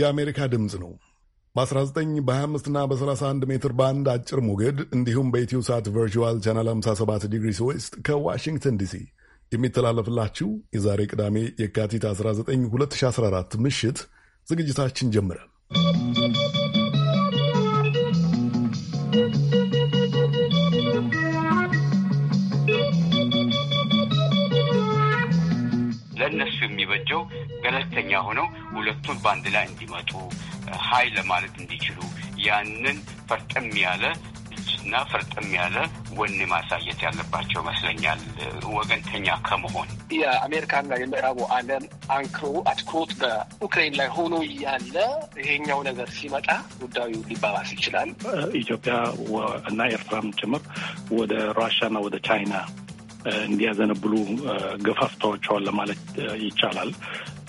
የአሜሪካ ድምፅ ነው። በ19 25 በ31 ሜትር ባንድ አጭር ሞገድ እንዲሁም በኢትዮ ሳት ቨርቹዋል ቻናል 57 ዲግሪ ዌስት ከዋሽንግተን ዲሲ የሚተላለፍላችሁ የዛሬ ቅዳሜ የካቲት 19 2014 ምሽት ዝግጅታችን ጀምረ። የሚበጀው ገለልተኛ ሆነው ሁለቱን በአንድ ላይ እንዲመጡ ሀይ ለማለት እንዲችሉ ያንን ፈርጠም ያለ እና ፈርጠም ያለ ወኔ ማሳየት ያለባቸው ይመስለኛል። ወገንተኛ ከመሆን የአሜሪካና የምዕራቡ ዓለም አንክሮ አትኩሮት በዩክሬን ላይ ሆኖ እያለ ይሄኛው ነገር ሲመጣ ጉዳዩ ሊባባስ ይችላል። ኢትዮጵያ እና ኤርትራም ጭምር ወደ ራሽያና ወደ ቻይና እንዲያዘነብሉ ገፋፍታዎቸዋል ለማለት ይቻላል።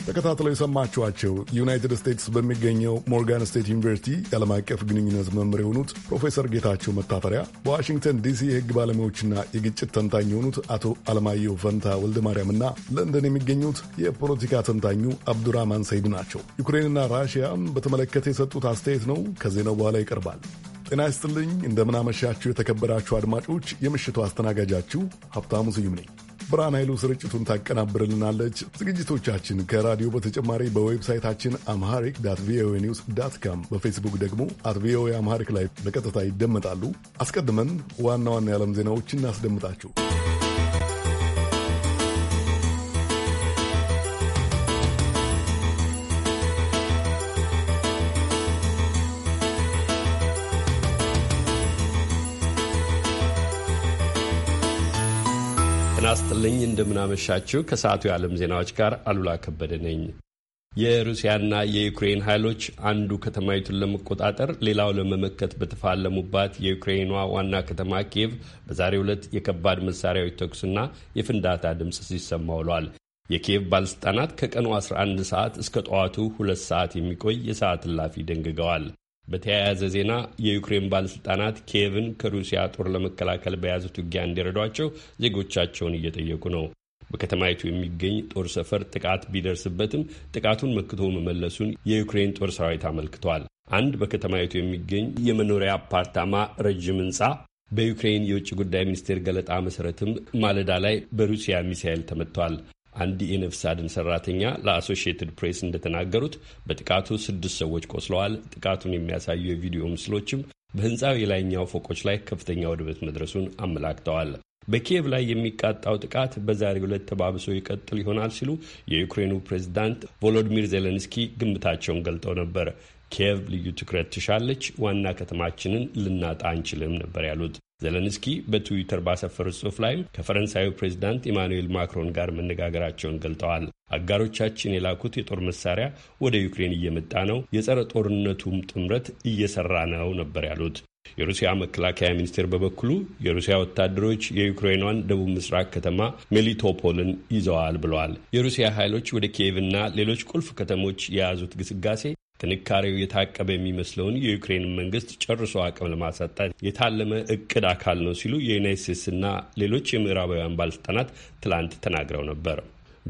ተከታትለው የሰማችኋቸው ዩናይትድ ስቴትስ በሚገኘው ሞርጋን ስቴት ዩኒቨርሲቲ የዓለም አቀፍ ግንኙነት መምህር የሆኑት ፕሮፌሰር ጌታቸው መታፈሪያ፣ በዋሽንግተን ዲሲ የሕግ ባለሙያዎችና የግጭት ተንታኝ የሆኑት አቶ አለማየሁ ፈንታ ወልደ ማርያምና ለንደን የሚገኙት የፖለቲካ ተንታኙ አብዱራማን ሰይድ ናቸው። ዩክሬንና ራሽያም በተመለከተ የሰጡት አስተያየት ነው። ከዜናው በኋላ ይቀርባል። ጤና ይስጥልኝ እንደምናመሻችሁ የተከበራችሁ አድማጮች፣ የምሽቱ አስተናጋጃችሁ ሀብታሙ ስዩም ነኝ። ብርሃን ኃይሉ ስርጭቱን ታቀናብርልናለች። ዝግጅቶቻችን ከራዲዮ በተጨማሪ በዌብሳይታችን አምሃሪክ ዳት ቪኦኤ ኒውስ ዳት ካም፣ በፌስቡክ ደግሞ አት ቪኦኤ አምሃሪክ ላይ በቀጥታ ይደመጣሉ። አስቀድመን ዋና ዋና የዓለም ዜናዎችን እናስደምጣችሁ። ይስጥልኝ እንደምናመሻችው ከሰዓቱ የዓለም ዜናዎች ጋር አሉላ ከበደ ነኝ። የሩሲያና የዩክሬን ኃይሎች አንዱ ከተማይቱን ለመቆጣጠር ሌላው ለመመከት በተፋለሙባት የዩክሬኗ ዋና ከተማ ኪየቭ በዛሬ ዕለት የከባድ መሳሪያዎች ተኩስና የፍንዳታ ድምፅ ሲሰማ ውሏል። የኪየቭ ባለሥልጣናት ከቀኑ 11 ሰዓት እስከ ጠዋቱ ሁለት ሰዓት የሚቆይ የሰዓት እላፊ ደንግገዋል። በተያያዘ ዜና የዩክሬን ባለስልጣናት ኪየቭን ከሩሲያ ጦር ለመከላከል በያዙት ውጊያ እንዲረዷቸው ዜጎቻቸውን እየጠየቁ ነው። በከተማይቱ የሚገኝ ጦር ሰፈር ጥቃት ቢደርስበትም ጥቃቱን መክቶ መመለሱን የዩክሬን ጦር ሰራዊት አመልክቷል። አንድ በከተማይቱ የሚገኝ የመኖሪያ አፓርታማ ረዥም ህንፃ በዩክሬን የውጭ ጉዳይ ሚኒስቴር ገለጣ መሰረትም ማለዳ ላይ በሩሲያ ሚሳኤል ተመቷል። አንድ የነፍስ አድን ሰራተኛ ለአሶሺየትድ ፕሬስ እንደተናገሩት በጥቃቱ ስድስት ሰዎች ቆስለዋል። ጥቃቱን የሚያሳዩ የቪዲዮ ምስሎችም በህንፃው የላይኛው ፎቆች ላይ ከፍተኛ ውድመት መድረሱን አመላክተዋል። በኪየቭ ላይ የሚቃጣው ጥቃት በዛሬው ዕለት ተባብሶ ይቀጥል ይሆናል ሲሉ የዩክሬኑ ፕሬዚዳንት ቮሎዲሚር ዜሌንስኪ ግምታቸውን ገልጠው ነበር። ኪየቭ ልዩ ትኩረት ትሻለች፣ ዋና ከተማችንን ልናጣ አንችልም ነበር ያሉት። ዘለንስኪ በትዊተር ባሰፈሩት ጽሑፍ ላይም ከፈረንሳዩ ፕሬዚዳንት ኢማኑኤል ማክሮን ጋር መነጋገራቸውን ገልጠዋል። አጋሮቻችን የላኩት የጦር መሳሪያ ወደ ዩክሬን እየመጣ ነው፣ የጸረ ጦርነቱም ጥምረት እየሰራ ነው ነበር ያሉት። የሩሲያ መከላከያ ሚኒስቴር በበኩሉ የሩሲያ ወታደሮች የዩክሬኗን ደቡብ ምስራቅ ከተማ ሜሊቶፖልን ይዘዋል ብለዋል። የሩሲያ ኃይሎች ወደ ኪየቭና ሌሎች ቁልፍ ከተሞች የያዙት ግስጋሴ ጥንካሬው የታቀበ የሚመስለውን የዩክሬን መንግስት ጨርሶ አቅም ለማሳጣት የታለመ እቅድ አካል ነው ሲሉ የዩናይት ስቴትስና ሌሎች የምዕራባውያን ባለስልጣናት ትላንት ተናግረው ነበር።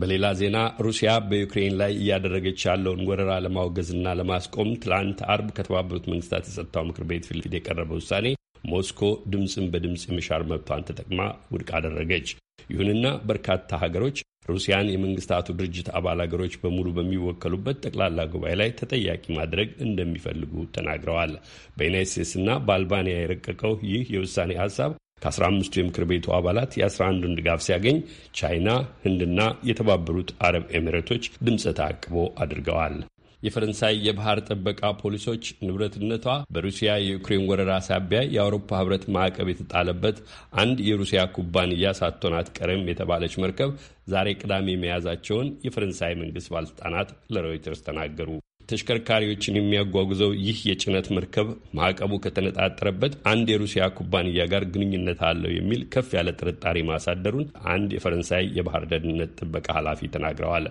በሌላ ዜና ሩሲያ በዩክሬን ላይ እያደረገች ያለውን ወረራ ለማውገዝና ለማስቆም ትላንት አርብ ከተባበሩት መንግስታት የጸጥታው ምክር ቤት ፊት ለፊት የቀረበ ውሳኔ ሞስኮ ድምፅን በድምፅ የመሻር መብቷን ተጠቅማ ውድቅ አደረገች። ይሁንና በርካታ ሀገሮች ሩሲያን የመንግስታቱ ድርጅት አባል አገሮች በሙሉ በሚወከሉበት ጠቅላላ ጉባኤ ላይ ተጠያቂ ማድረግ እንደሚፈልጉ ተናግረዋል። በዩናይት ስቴትስና በአልባንያ የረቀቀው ይህ የውሳኔ ሀሳብ ከ15ቱ የምክር ቤቱ አባላት የ 11 ን ድጋፍ ሲያገኝ ቻይና፣ ህንድና የተባበሩት አረብ ኤሚሬቶች ድምፀ ተአቅቦ አድርገዋል። የፈረንሳይ የባህር ጥበቃ ፖሊሶች ንብረትነቷ በሩሲያ የዩክሬን ወረራ ሳቢያ የአውሮፓ ህብረት ማዕቀብ የተጣለበት አንድ የሩሲያ ኩባንያ ሳቶናት ቀረም የተባለች መርከብ ዛሬ ቅዳሜ መያዛቸውን የፈረንሳይ መንግስት ባለስልጣናት ለሮይተርስ ተናገሩ። ተሽከርካሪዎችን የሚያጓጉዘው ይህ የጭነት መርከብ ማዕቀቡ ከተነጣጠረበት አንድ የሩሲያ ኩባንያ ጋር ግንኙነት አለው የሚል ከፍ ያለ ጥርጣሬ ማሳደሩን አንድ የፈረንሳይ የባህር ደህንነት ጥበቃ ኃላፊ ተናግረዋል።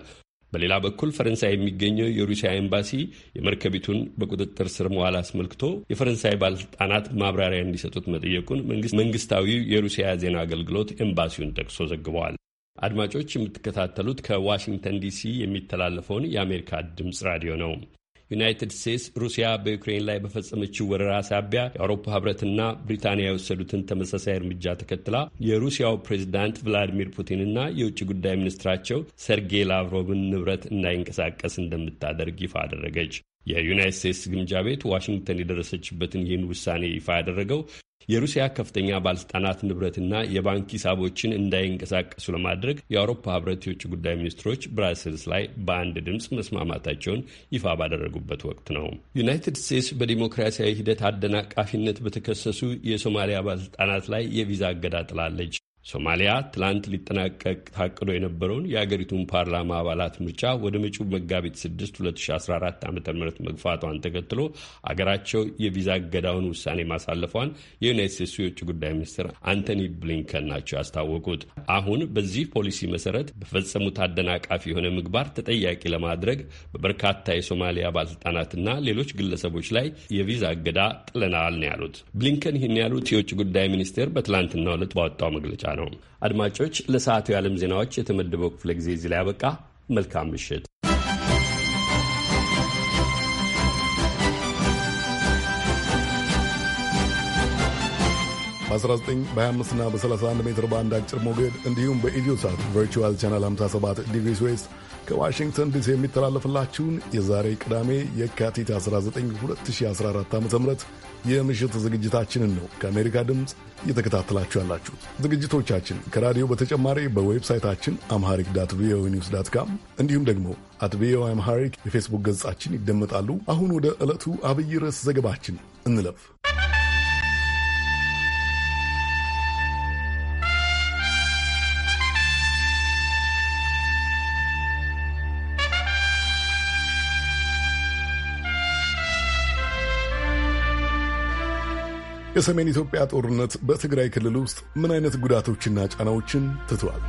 በሌላ በኩል ፈረንሳይ የሚገኘው የሩሲያ ኤምባሲ የመርከቢቱን በቁጥጥር ስር መዋል አስመልክቶ የፈረንሳይ ባለስልጣናት ማብራሪያ እንዲሰጡት መጠየቁን መንግስታዊው የሩሲያ ዜና አገልግሎት ኤምባሲውን ጠቅሶ ዘግበዋል። አድማጮች የምትከታተሉት ከዋሽንግተን ዲሲ የሚተላለፈውን የአሜሪካ ድምፅ ራዲዮ ነው። ዩናይትድ ስቴትስ ሩሲያ በዩክሬን ላይ በፈጸመችው ወረራ ሳቢያ የአውሮፓ ህብረትና ብሪታንያ የወሰዱትን ተመሳሳይ እርምጃ ተከትላ የሩሲያው ፕሬዚዳንት ቭላዲሚር ፑቲንና የውጭ ጉዳይ ሚኒስትራቸው ሰርጌይ ላቭሮቭን ንብረት እንዳይንቀሳቀስ እንደምታደርግ ይፋ አደረገች። የዩናይት ስቴትስ ግምጃ ቤት ዋሽንግተን የደረሰችበትን ይህን ውሳኔ ይፋ ያደረገው የሩሲያ ከፍተኛ ባለስልጣናት ንብረትና የባንክ ሂሳቦችን እንዳይንቀሳቀሱ ለማድረግ የአውሮፓ ህብረት የውጭ ጉዳይ ሚኒስትሮች ብራስልስ ላይ በአንድ ድምፅ መስማማታቸውን ይፋ ባደረጉበት ወቅት ነው። ዩናይትድ ስቴትስ በዲሞክራሲያዊ ሂደት አደናቃፊነት በተከሰሱ የሶማሊያ ባለስልጣናት ላይ የቪዛ እገዳ ጥላለች። ሶማሊያ ትላንት ሊጠናቀቅ ታቅዶ የነበረውን የአገሪቱን ፓርላማ አባላት ምርጫ ወደ መጪው መጋቢት 6 2014 ዓ ም መግፋቷን ተከትሎ አገራቸው የቪዛ እገዳውን ውሳኔ ማሳለፏን የዩናይት ስቴትሱ የውጭ ጉዳይ ሚኒስትር አንቶኒ ብሊንከን ናቸው ያስታወቁት። አሁን በዚህ ፖሊሲ መሰረት በፈጸሙት አደናቃፊ የሆነ ምግባር ተጠያቂ ለማድረግ በበርካታ የሶማሊያ ባለስልጣናትና ሌሎች ግለሰቦች ላይ የቪዛ እገዳ ጥለናል ነው ያሉት ብሊንከን። ይህን ያሉት የውጭ ጉዳይ ሚኒስቴር በትላንትናው ዕለት ባወጣው መግለጫ ነው። አድማጮች፣ ለሰዓቱ የዓለም ዜናዎች የተመደበው ክፍለ ጊዜ እዚህ ላይ ያበቃ። መልካም ምሽት። በ19 በ25 እና በ31 ሜትር ባንድ አጭር ሞገድ እንዲሁም በኢትዮ ሳት ቨርቹዋል ቻናል 57 ዲግሪስ ዌስት ከዋሽንግተን ዲሲ የሚተላለፍላችሁን የዛሬ ቅዳሜ የካቲት 19 2014 ዓ ም የምሽት ዝግጅታችንን ነው ከአሜሪካ ድምፅ እየተከታተላችሁ ያላችሁት። ዝግጅቶቻችን ከራዲዮ በተጨማሪ በዌብሳይታችን አምሃሪክ ዳት ቪኦኤ ኒውስ ዳት ካም እንዲሁም ደግሞ አት ቪኦኤ አምሃሪክ የፌስቡክ ገጻችን ይደመጣሉ። አሁን ወደ ዕለቱ አብይ ርዕስ ዘገባችን እንለፍ። የሰሜን ኢትዮጵያ ጦርነት በትግራይ ክልል ውስጥ ምን አይነት ጉዳቶችና ጫናዎችን ትቷል?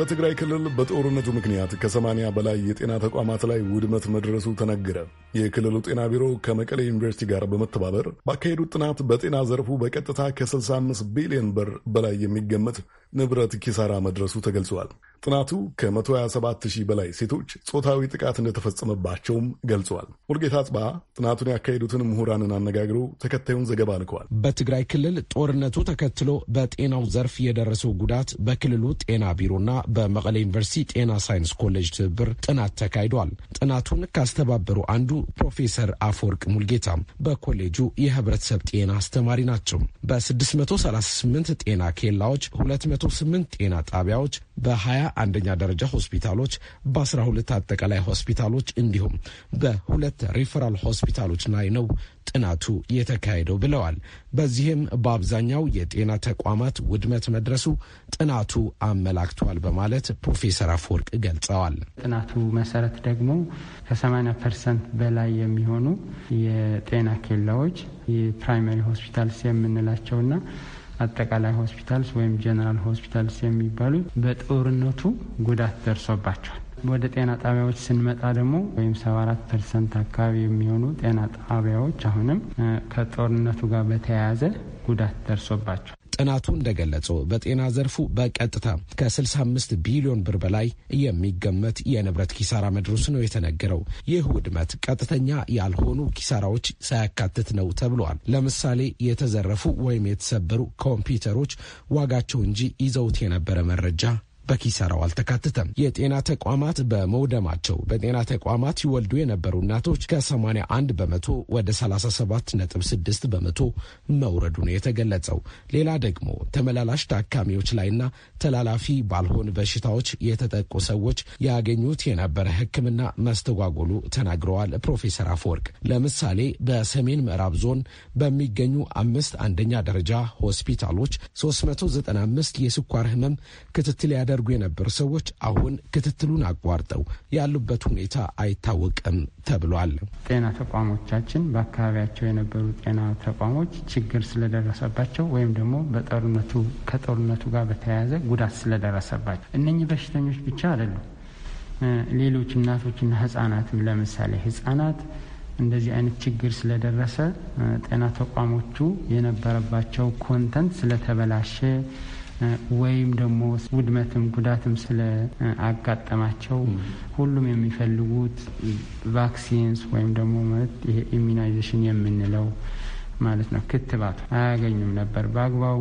በትግራይ ክልል በጦርነቱ ምክንያት ከሰማንያ በላይ የጤና ተቋማት ላይ ውድመት መድረሱ ተነገረ። የክልሉ ጤና ቢሮ ከመቀሌ ዩኒቨርሲቲ ጋር በመተባበር ባካሄዱት ጥናት በጤና ዘርፉ በቀጥታ ከ65 ቢሊዮን ብር በላይ የሚገመት ንብረት ኪሳራ መድረሱ ተገልጿል። ጥናቱ ከ127 ሺህ በላይ ሴቶች ጾታዊ ጥቃት እንደተፈጸመባቸውም ገልጿል። ሙልጌታ ጽባ ጥናቱን ያካሄዱትን ምሁራንን አነጋግሮ ተከታዩን ዘገባ ልከዋል። በትግራይ ክልል ጦርነቱ ተከትሎ በጤናው ዘርፍ የደረሰው ጉዳት በክልሉ ጤና ቢሮና በመቀለ ዩኒቨርሲቲ ጤና ሳይንስ ኮሌጅ ትብብር ጥናት ተካሂዷል። ጥናቱን ካስተባበሩ አንዱ ፕሮፌሰር አፈወርቅ ሙልጌታ በኮሌጁ የህብረተሰብ ጤና አስተማሪ ናቸው። በ638 ጤና ኬላዎች፣ 208 ጤና ጣቢያዎች፣ በ21 አንደኛ ደረጃ ሆስፒታሎች፣ በ12 አጠቃላይ ሆስፒታሎች እንዲሁም በሁለት ሪፈራል ሆስፒታሎች ላይ ነው ጥናቱ የተካሄደው ብለዋል። በዚህም በአብዛኛው የጤና ተቋማት ውድመት መድረሱ ጥናቱ አመላክቷል በማለት ፕሮፌሰር አፈወርቅ ገልጸዋል። ጥናቱ መሰረት ደግሞ ከ80 ፐርሰንት በላይ የሚሆኑ የጤና ኬላዎች የፕራይመሪ ሆስፒታልስ የምንላቸውና አጠቃላይ ሆስፒታልስ ወይም ጀነራል ሆስፒታልስ የሚባሉት በጦርነቱ ጉዳት ደርሶባቸዋል። ወደ ጤና ጣቢያዎች ስንመጣ ደግሞ ወይም 74 ፐርሰንት አካባቢ የሚሆኑ ጤና ጣቢያዎች አሁንም ከጦርነቱ ጋር በተያያዘ ጉዳት ደርሶባቸው ጥናቱ እንደገለጸው በጤና ዘርፉ በቀጥታ ከ65 ቢሊዮን ብር በላይ የሚገመት የንብረት ኪሳራ መድረሱ ነው የተነገረው። ይህ ውድመት ቀጥተኛ ያልሆኑ ኪሳራዎች ሳያካትት ነው ተብሏል። ለምሳሌ የተዘረፉ ወይም የተሰበሩ ኮምፒውተሮች ዋጋቸው እንጂ ይዘውት የነበረ መረጃ በኪሳራው አልተካተተም። የጤና ተቋማት በመውደማቸው በጤና ተቋማት ይወልዱ የነበሩ እናቶች ከ81 በመቶ ወደ 37.6 በመቶ መውረዱ ነው የተገለጸው። ሌላ ደግሞ ተመላላሽ ታካሚዎች ላይና ተላላፊ ባልሆን በሽታዎች የተጠቁ ሰዎች ያገኙት የነበረ ሕክምና መስተጓጎሉ ተናግረዋል ፕሮፌሰር አፈወርቅ። ለምሳሌ በሰሜን ምዕራብ ዞን በሚገኙ አምስት አንደኛ ደረጃ ሆስፒታሎች 395 የስኳር ህመም ክትትል ያደርጉ የነበሩ ሰዎች አሁን ክትትሉን አቋርጠው ያሉበት ሁኔታ አይታወቅም ተብሏል። ጤና ተቋሞቻችን በአካባቢያቸው የነበሩ ጤና ተቋሞች ችግር ስለደረሰባቸው ወይም ደግሞ በጦርነቱ ከጦርነቱ ጋር በተያያዘ ጉዳት ስለደረሰባቸው እነኚህ በሽተኞች ብቻ አይደሉም። ሌሎች እናቶችና ህጻናትም ለምሳሌ ህጻናት እንደዚህ አይነት ችግር ስለደረሰ ጤና ተቋሞቹ የነበረባቸው ኮንተንት ስለተበላሸ ወይም ደግሞ ውድመትም ጉዳትም ስለ አጋጠማቸው ሁሉም የሚፈልጉት ቫክሲንስ ወይም ደግሞ ይሄ ኢሚናይዜሽን የምንለው ማለት ነው ክትባቱ አያገኙም ነበር በአግባቡ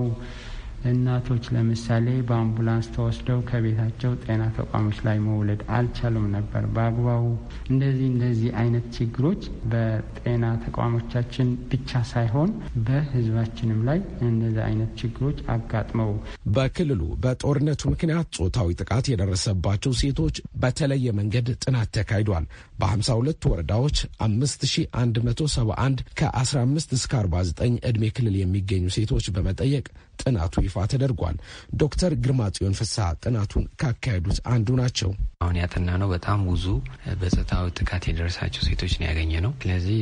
እናቶች ለምሳሌ በአምቡላንስ ተወስደው ከቤታቸው ጤና ተቋሞች ላይ መውለድ አልቻሉም ነበር በአግባቡ። እንደዚህ እንደዚህ አይነት ችግሮች በጤና ተቋሞቻችን ብቻ ሳይሆን በሕዝባችንም ላይ እንደዚህ አይነት ችግሮች አጋጥመው በክልሉ በጦርነቱ ምክንያት ጾታዊ ጥቃት የደረሰባቸው ሴቶች በተለየ መንገድ ጥናት ተካሂዷል። በ52 ወረዳዎች 5171 ከ15 እስከ 49 ዕድሜ ክልል የሚገኙ ሴቶች በመጠየቅ ጥናቱ ይፋ ተደርጓል። ዶክተር ግርማ ጽዮን ፍስሐ ጥናቱን ካካሄዱት አንዱ ናቸው። አሁን ያጠና ነው በጣም ብዙ በጾታዊ ጥቃት የደረሳቸው ሴቶችን ያገኘ ነው። ስለዚህ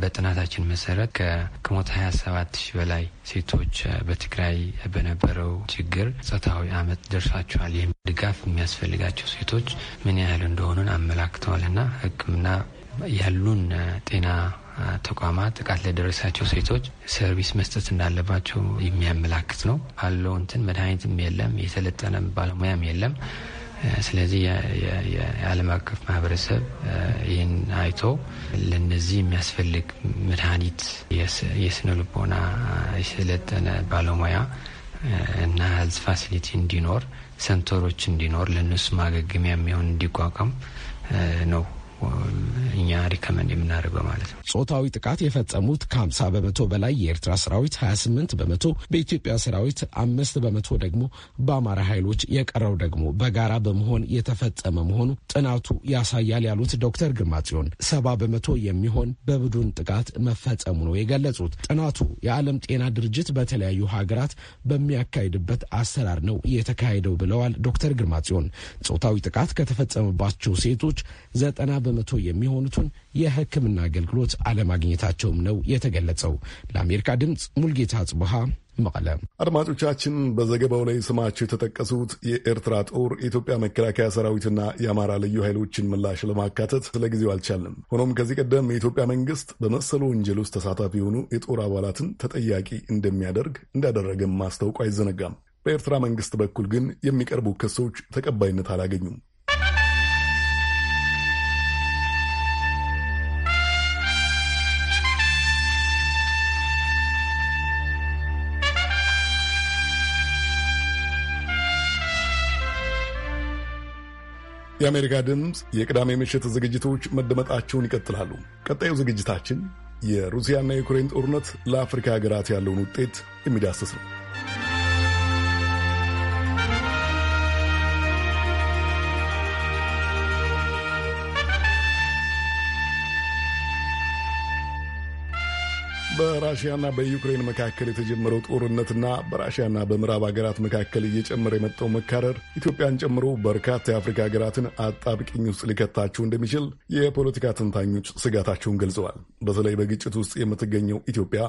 በጥናታችን መሰረት ከሞት 27 ሺህ በላይ ሴቶች በትግራይ በነበረው ችግር ጾታዊ አመት ደርሷቸዋል። ይህም ድጋፍ የሚያስፈልጋቸው ሴቶች ምን ያህል እንደሆኑን አመላክተዋልና ሕክምና ያሉን ጤና ተቋማት ጥቃት ለደረሳቸው ሴቶች ሰርቪስ መስጠት እንዳለባቸው የሚያመላክት ነው። አለው እንትን መድኃኒትም የለም፣ የሰለጠነ ባለሙያም የለም። ስለዚህ የዓለም አቀፍ ማህበረሰብ ይህን አይቶ ለነዚህ የሚያስፈልግ መድኃኒት፣ የስነ ልቦና የሰለጠነ ባለሙያ እና ሄልዝ ፋሲሊቲ እንዲኖር፣ ሰንተሮች እንዲኖር፣ ለእነሱ ማገገሚያ የሚሆን እንዲቋቋም ነው እኛ ሪከመንድ የምናደርገው ማለት ነው። ጾታዊ ጥቃት የፈጸሙት ከ50 በመቶ በላይ የኤርትራ ሰራዊት፣ 28 በመቶ በኢትዮጵያ ሰራዊት፣ አምስት በመቶ ደግሞ በአማራ ኃይሎች፣ የቀረው ደግሞ በጋራ በመሆን የተፈጸመ መሆኑ ጥናቱ ያሳያል ያሉት ዶክተር ግርማ ጽዮን ሰባ በመቶ የሚሆን በቡድን ጥቃት መፈጸሙ ነው የገለጹት። ጥናቱ የዓለም ጤና ድርጅት በተለያዩ ሀገራት በሚያካሂድበት አሰራር ነው የተካሄደው ብለዋል ዶክተር ግርማ ጽዮን ጾታዊ ጥቃት ከተፈጸመባቸው ሴቶች ዘጠና በመቶ የሚሆኑትን የሕክምና አገልግሎት አለማግኘታቸውም ነው የተገለጸው። ለአሜሪካ ድምፅ ሙልጌታ ጽቡሃ መቀለ። አድማጮቻችን በዘገባው ላይ ስማቸው የተጠቀሱት የኤርትራ ጦር የኢትዮጵያ መከላከያ ሰራዊትና የአማራ ልዩ ኃይሎችን ምላሽ ለማካተት ስለጊዜው አልቻለም። ሆኖም ከዚህ ቀደም የኢትዮጵያ መንግስት በመሰሉ ወንጀል ውስጥ ተሳታፊ የሆኑ የጦር አባላትን ተጠያቂ እንደሚያደርግ እንዳደረገም ማስታወቁ አይዘነጋም። በኤርትራ መንግስት በኩል ግን የሚቀርቡ ክሶች ተቀባይነት አላገኙም። የአሜሪካ ድምፅ የቅዳሜ ምሽት ዝግጅቶች መደመጣቸውን ይቀጥላሉ። ቀጣዩ ዝግጅታችን የሩሲያና የዩክሬን ጦርነት ለአፍሪካ ሀገራት ያለውን ውጤት የሚዳስስ ነው። በራሽያና በዩክሬን መካከል የተጀመረው ጦርነትና በራሽያና በምዕራብ ሀገራት መካከል እየጨመረ የመጣው መካረር ኢትዮጵያን ጨምሮ በርካታ የአፍሪካ ሀገራትን አጣብቅኝ ውስጥ ሊከታቸው እንደሚችል የፖለቲካ ተንታኞች ስጋታቸውን ገልጸዋል። በተለይ በግጭት ውስጥ የምትገኘው ኢትዮጵያ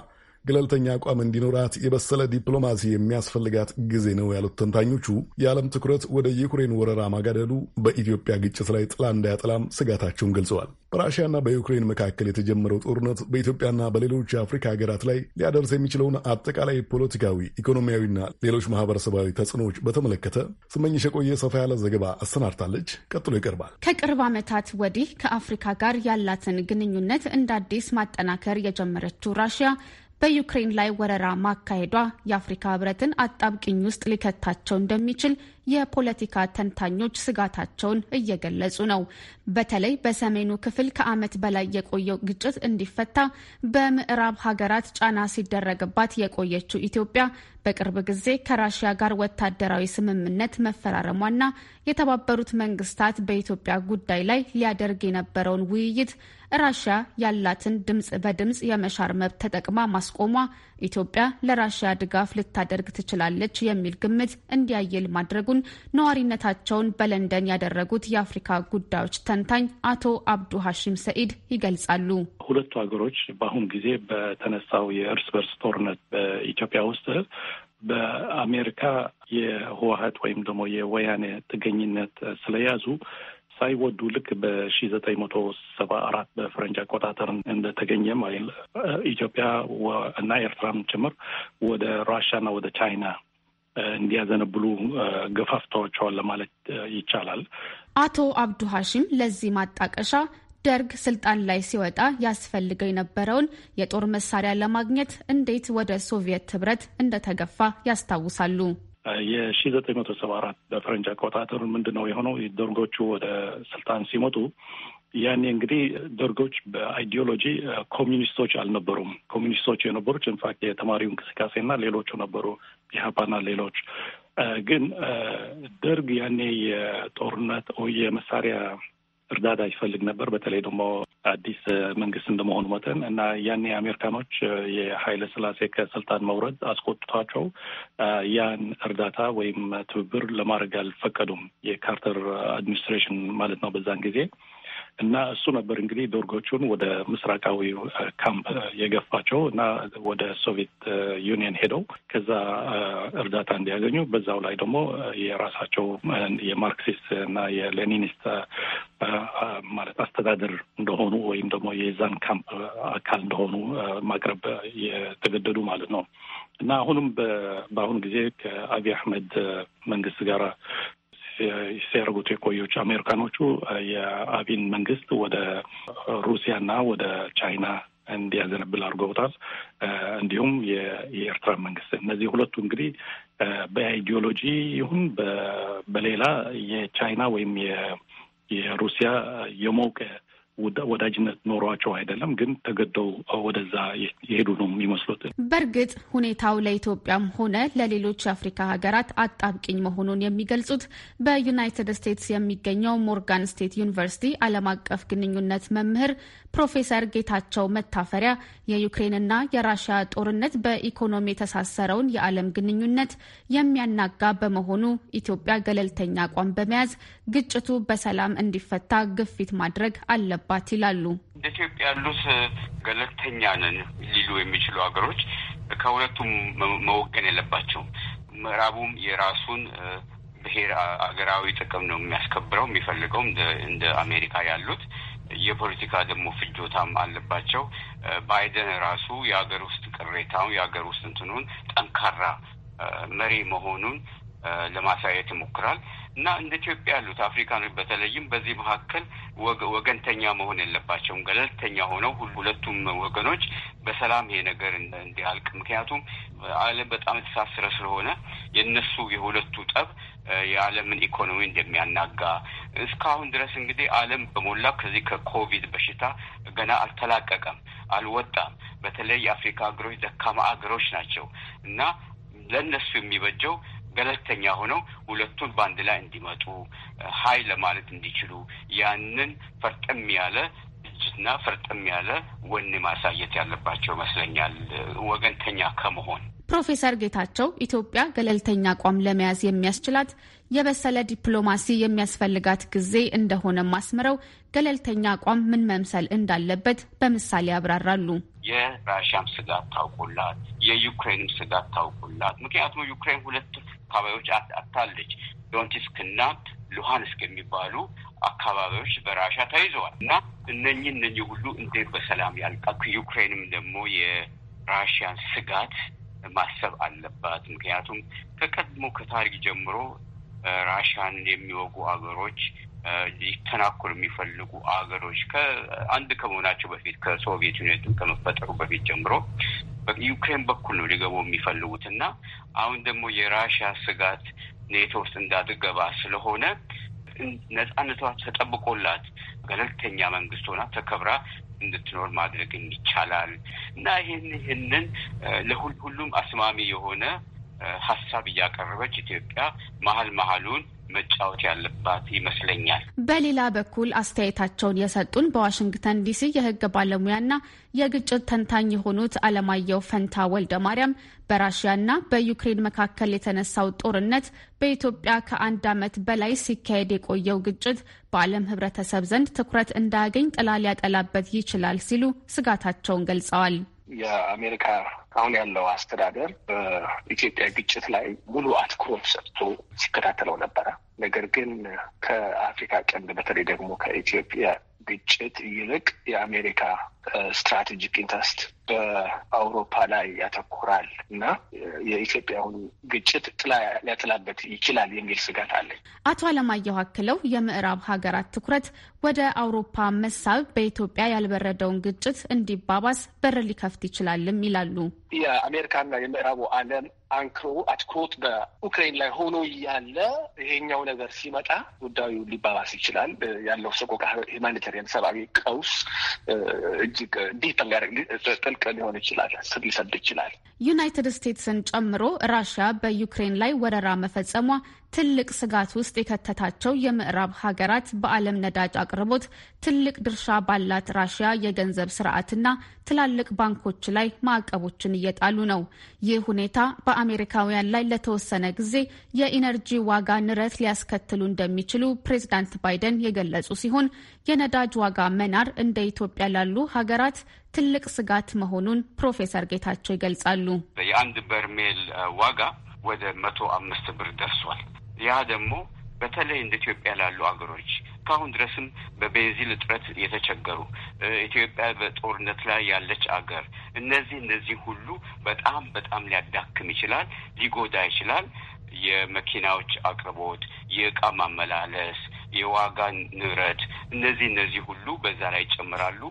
ገለልተኛ አቋም እንዲኖራት የበሰለ ዲፕሎማሲ የሚያስፈልጋት ጊዜ ነው ያሉት ተንታኞቹ የዓለም ትኩረት ወደ ዩክሬን ወረራ ማጋደሉ በኢትዮጵያ ግጭት ላይ ጥላ እንዳያጠላም ስጋታቸውን ገልጸዋል። በራሽያና በዩክሬን መካከል የተጀመረው ጦርነት በኢትዮጵያና በሌሎች የአፍሪካ ሀገራት ላይ ሊያደርስ የሚችለውን አጠቃላይ ፖለቲካዊ፣ ኢኮኖሚያዊና ሌሎች ማህበረሰባዊ ተጽዕኖዎች በተመለከተ ስመኝሽ የቆየ ሰፋ ያለ ዘገባ አሰናድታለች። ቀጥሎ ይቀርባል። ከቅርብ ዓመታት ወዲህ ከአፍሪካ ጋር ያላትን ግንኙነት እንደ አዲስ ማጠናከር የጀመረችው ራሽያ በዩክሬን ላይ ወረራ ማካሄዷ የአፍሪካ ህብረትን አጣብቅኝ ውስጥ ሊከታቸው እንደሚችል የፖለቲካ ተንታኞች ስጋታቸውን እየገለጹ ነው። በተለይ በሰሜኑ ክፍል ከዓመት በላይ የቆየው ግጭት እንዲፈታ በምዕራብ ሀገራት ጫና ሲደረግባት የቆየችው ኢትዮጵያ በቅርብ ጊዜ ከራሽያ ጋር ወታደራዊ ስምምነት መፈራረሟና የተባበሩት መንግስታት በኢትዮጵያ ጉዳይ ላይ ሊያደርግ የነበረውን ውይይት ራሽያ ያላትን ድምፅ በድምፅ የመሻር መብት ተጠቅማ ማስቆሟ ኢትዮጵያ ለራሽያ ድጋፍ ልታደርግ ትችላለች የሚል ግምት እንዲያየል ማድረጉን ነዋሪነታቸውን በለንደን ያደረጉት የአፍሪካ ጉዳዮች ተንታኝ አቶ አብዱ ሀሺም ሰኢድ ይገልጻሉ። ሁለቱ ሀገሮች በአሁኑ ጊዜ በተነሳው የእርስ በርስ ጦርነት በኢትዮጵያ ውስጥ በአሜሪካ የህወሀት ወይም ደግሞ የወያኔ ጥገኝነት ስለያዙ ሳይወዱ ልክ በሺ ዘጠኝ መቶ ሰባ አራት በፈረንጅ አቆጣጠር እንደተገኘ ኢትዮጵያ እና ኤርትራም ጭምር ወደ ራሻና ወደ ቻይና እንዲያዘነብሉ ገፋፍተዋቸዋል ለማለት ይቻላል። አቶ አብዱ ሀሽም ለዚህ ማጣቀሻ ደርግ ስልጣን ላይ ሲወጣ ያስፈልገው የነበረውን የጦር መሳሪያ ለማግኘት እንዴት ወደ ሶቪየት ህብረት እንደተገፋ ያስታውሳሉ። የሺ ዘጠኝ መቶ ሰባ አራት በፈረንጅ አቆጣጠሩ ምንድን ነው የሆነው? ደርጎቹ ወደ ስልጣን ሲመጡ ያኔ እንግዲህ ደርጎች በአይዲዮሎጂ ኮሚኒስቶች አልነበሩም። ኮሚኒስቶች የነበሩት ኢንፋክት የተማሪው እንቅስቃሴና ሌሎቹ ነበሩ፣ ኢህአፓና ሌሎች። ግን ደርግ ያኔ የጦርነት ወይ የመሳሪያ እርዳታ ይፈልግ ነበር። በተለይ ደግሞ አዲስ መንግስት እንደመሆኑ መጠን እና ያኔ አሜሪካኖች የኃይለ ስላሴ ከስልጣን መውረድ አስቆጥቷቸው ያን እርዳታ ወይም ትብብር ለማድረግ አልፈቀዱም። የካርተር አድሚኒስትሬሽን ማለት ነው በዛን ጊዜ እና እሱ ነበር እንግዲህ ዶርጎቹን ወደ ምስራቃዊ ካምፕ የገፋቸው እና ወደ ሶቪየት ዩኒየን ሄደው ከዛ እርዳታ እንዲያገኙ በዛው ላይ ደግሞ የራሳቸው የማርክሲስት እና የሌኒኒስት ማለት አስተዳደር እንደሆኑ ወይም ደግሞ የዛን ካምፕ አካል እንደሆኑ ማቅረብ የተገደዱ ማለት ነው እና አሁንም በአሁኑ ጊዜ ከአብይ አህመድ መንግስት ጋር ሲያደርጉት የቆዩት አሜሪካኖቹ የአቢን መንግስት ወደ ሩሲያና ወደ ቻይና እንዲያዘነብል አድርገውታል። እንዲሁም የኤርትራ መንግስት እነዚህ ሁለቱ እንግዲህ በአይዲዮሎጂ ይሁን በሌላ የቻይና ወይም የሩሲያ የሞቀ ወዳጅነት ኖሯቸው አይደለም፣ ግን ተገደው ወደዛ የሄዱ ነው የሚመስሉት። በእርግጥ ሁኔታው ለኢትዮጵያም ሆነ ለሌሎች የአፍሪካ ሀገራት አጣብቂኝ መሆኑን የሚገልጹት በዩናይትድ ስቴትስ የሚገኘው ሞርጋን ስቴት ዩኒቨርሲቲ ዓለም አቀፍ ግንኙነት መምህር ፕሮፌሰር ጌታቸው መታፈሪያ የዩክሬንና የራሽያ ጦርነት በኢኮኖሚ የተሳሰረውን የዓለም ግንኙነት የሚያናጋ በመሆኑ ኢትዮጵያ ገለልተኛ አቋም በመያዝ ግጭቱ በሰላም እንዲፈታ ግፊት ማድረግ አለባት ይላሉ። እንደ ኢትዮጵያ ያሉት ገለልተኛ ነን ሊሉ የሚችሉ ሀገሮች ከሁለቱም መወገን የለባቸው። ምዕራቡም የራሱን ብሔር አገራዊ ጥቅም ነው የሚያስከብረው የሚፈልገው እንደ አሜሪካ ያሉት የፖለቲካ ደግሞ ፍጆታም አለባቸው። ባይደን ራሱ የሀገር ውስጥ ቅሬታውን የሀገር ውስጥ እንትኑን ጠንካራ መሪ መሆኑን ለማሳየት ይሞክራል እና እንደ ኢትዮጵያ ያሉት አፍሪካኖች በተለይም በዚህ መካከል ወገንተኛ መሆን የለባቸውም። ገለልተኛ ሆነው ሁለቱም ወገኖች በሰላም ይሄ ነገር እንዲያልቅ፣ ምክንያቱም ዓለም በጣም የተሳስረ ስለሆነ የነሱ የሁለቱ ጠብ የዓለምን ኢኮኖሚ እንደሚያናጋ እስካሁን ድረስ እንግዲህ ዓለም በሞላ ከዚህ ከኮቪድ በሽታ ገና አልተላቀቀም፣ አልወጣም። በተለይ የአፍሪካ ሀገሮች ደካማ ሀገሮች ናቸው እና ለእነሱ የሚበጀው ገለልተኛ ሆነው ሁለቱን በአንድ ላይ እንዲመጡ ሀይ ለማለት እንዲችሉ ያንን ፈርጠም ያለ ና ፈርጠም ያለ ወኔ ማሳየት ያለባቸው ይመስለኛል ወገንተኛ ከመሆን ፕሮፌሰር ጌታቸው ኢትዮጵያ ገለልተኛ አቋም ለመያዝ የሚያስችላት የበሰለ ዲፕሎማሲ የሚያስፈልጋት ጊዜ እንደሆነ ማስምረው ገለልተኛ አቋም ምን መምሰል እንዳለበት በምሳሌ ያብራራሉ። የራሽያም ስጋት ታውቁላት፣ የዩክሬንም ስጋት ታውቁላት። ምክንያቱም ዩክሬን ሁለት አካባቢዎች አታለች። ዶንቲስክ እና ሉሃንስክ የሚባሉ አካባቢዎች በራሻ ተይዘዋል እና እነኚህ እነኚህ ሁሉ እንዴት በሰላም ያልቃሉ? ዩክሬንም ደግሞ የራሽያን ስጋት ማሰብ አለባት። ምክንያቱም ከቀድሞ ከታሪክ ጀምሮ ራሽያን የሚወጉ ሀገሮች ሊተናኮሉ የሚፈልጉ አገሮች አንድ ከመሆናቸው በፊት ከሶቪየት ዩኒየን ከመፈጠሩ በፊት ጀምሮ ዩክሬን በኩል ነው ሊገቡ የሚፈልጉት እና አሁን ደግሞ የራሽያ ስጋት ኔቶ ውስጥ እንዳትገባ ስለሆነ ነጻነቷ ተጠብቆላት ገለልተኛ መንግስት ሆና ተከብራ እንድትኖር ማድረግ ይቻላል እና ይህን ይህንን ለሁሉም አስማሚ የሆነ ሀሳብ እያቀረበች ኢትዮጵያ መሀል መሀሉን መጫወት ያለባት ይመስለኛል። በሌላ በኩል አስተያየታቸውን የሰጡን በዋሽንግተን ዲሲ ባለሙያ ባለሙያና የግጭት ተንታኝ የሆኑት አለማየሁ ፈንታ ወልደ ማርያም በራሽያና በዩክሬን መካከል የተነሳው ጦርነት በኢትዮጵያ ከአንድ ዓመት በላይ ሲካሄድ የቆየው ግጭት በዓለም ህብረተሰብ ዘንድ ትኩረት እንዳያገኝ ጥላ ሊያጠላበት ይችላል ሲሉ ስጋታቸውን ገልጸዋል። የአሜሪካ አሁን ያለው አስተዳደር በኢትዮጵያ ግጭት ላይ ሙሉ አትኩሮት ሰጥቶ ሲከታተለው ነበረ። ነገር ግን ከአፍሪካ ቀንድ በተለይ ደግሞ ከኢትዮጵያ ግጭት ይልቅ የአሜሪካ ስትራቴጂክ ኢንተረስት በአውሮፓ ላይ ያተኩራል እና የኢትዮጵያውን ግጭት ጥላ ሊያጥላበት ይችላል የሚል ስጋት አለ። አቶ አለማየሁ አክለው የምዕራብ ሀገራት ትኩረት ወደ አውሮፓ መሳብ በኢትዮጵያ ያልበረደውን ግጭት እንዲባባስ በር ሊከፍት ይችላልም ይላሉ። የአሜሪካና የምዕራቡ ዓለም አንክሮ አትኩሮት በኡክሬን ላይ ሆኖ ያለ ይሄኛው ነገር ሲመጣ ጉዳዩ ሊባባስ ይችላል። ያለው ሰቆቃ ሂማኒታሪያን ሰብአዊ ቀውስ እጅግ ዲፕ ጥልቅ ሊሆን ይችላል፣ ስር ሊሰድ ይችላል። ዩናይትድ ስቴትስን ጨምሮ ራሽያ በዩክሬን ላይ ወረራ መፈጸሟ ትልቅ ስጋት ውስጥ የከተታቸው የምዕራብ ሀገራት በዓለም ነዳጅ አቅርቦት ትልቅ ድርሻ ባላት ራሽያ የገንዘብ ስርዓትና ትላልቅ ባንኮች ላይ ማዕቀቦችን እየጣሉ ነው። ይህ ሁኔታ በ በአሜሪካውያን ላይ ለተወሰነ ጊዜ የኢነርጂ ዋጋ ንረት ሊያስከትሉ እንደሚችሉ ፕሬዚዳንት ባይደን የገለጹ ሲሆን የነዳጅ ዋጋ መናር እንደ ኢትዮጵያ ላሉ ሀገራት ትልቅ ስጋት መሆኑን ፕሮፌሰር ጌታቸው ይገልጻሉ። የአንድ በርሜል ዋጋ ወደ መቶ አምስት ብር ደርሷል። ያ ደግሞ በተለይ እንደ ኢትዮጵያ ላሉ አገሮች ከአሁን ድረስም በቤንዚን እጥረት የተቸገሩ ኢትዮጵያ በጦርነት ላይ ያለች አገር እነዚህ እነዚህ ሁሉ በጣም በጣም ሊያዳክም ይችላል፣ ሊጎዳ ይችላል። የመኪናዎች አቅርቦት፣ የእቃ ማመላለስ፣ የዋጋ ንረት፣ እነዚህ እነዚህ ሁሉ በዛ ላይ ይጨምራሉ።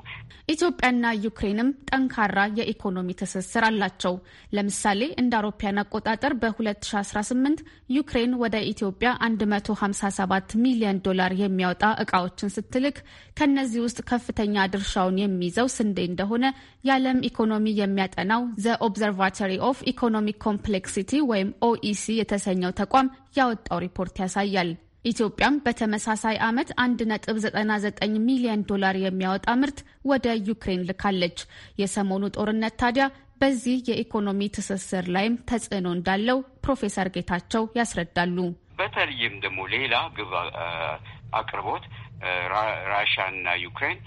ኢትዮጵያና ዩክሬንም ጠንካራ የኢኮኖሚ ትስስር አላቸው። ለምሳሌ እንደ አውሮፓያን አቆጣጠር በ2018 ዩክሬን ወደ ኢትዮጵያ 157 ሚሊዮን ዶላር የሚያወጣ እቃዎችን ስትልክ ከነዚህ ውስጥ ከፍተኛ ድርሻውን የሚይዘው ስንዴ እንደሆነ የዓለም ኢኮኖሚ የሚያጠናው ዘ ኦብዘርቫቶሪ ኦፍ ኢኮኖሚክ ኮምፕሌክሲቲ ወይም ኦኢሲ የተሰኘው ተቋም ያወጣው ሪፖርት ያሳያል። ኢትዮጵያም በተመሳሳይ ዓመት 1.99 ሚሊዮን ዶላር የሚያወጣ ምርት ወደ ዩክሬን ልካለች። የሰሞኑ ጦርነት ታዲያ በዚህ የኢኮኖሚ ትስስር ላይም ተጽዕኖ እንዳለው ፕሮፌሰር ጌታቸው ያስረዳሉ። በተለይም ደግሞ ሌላ ግብ አቅርቦት ራሽያ እና ዩክሬን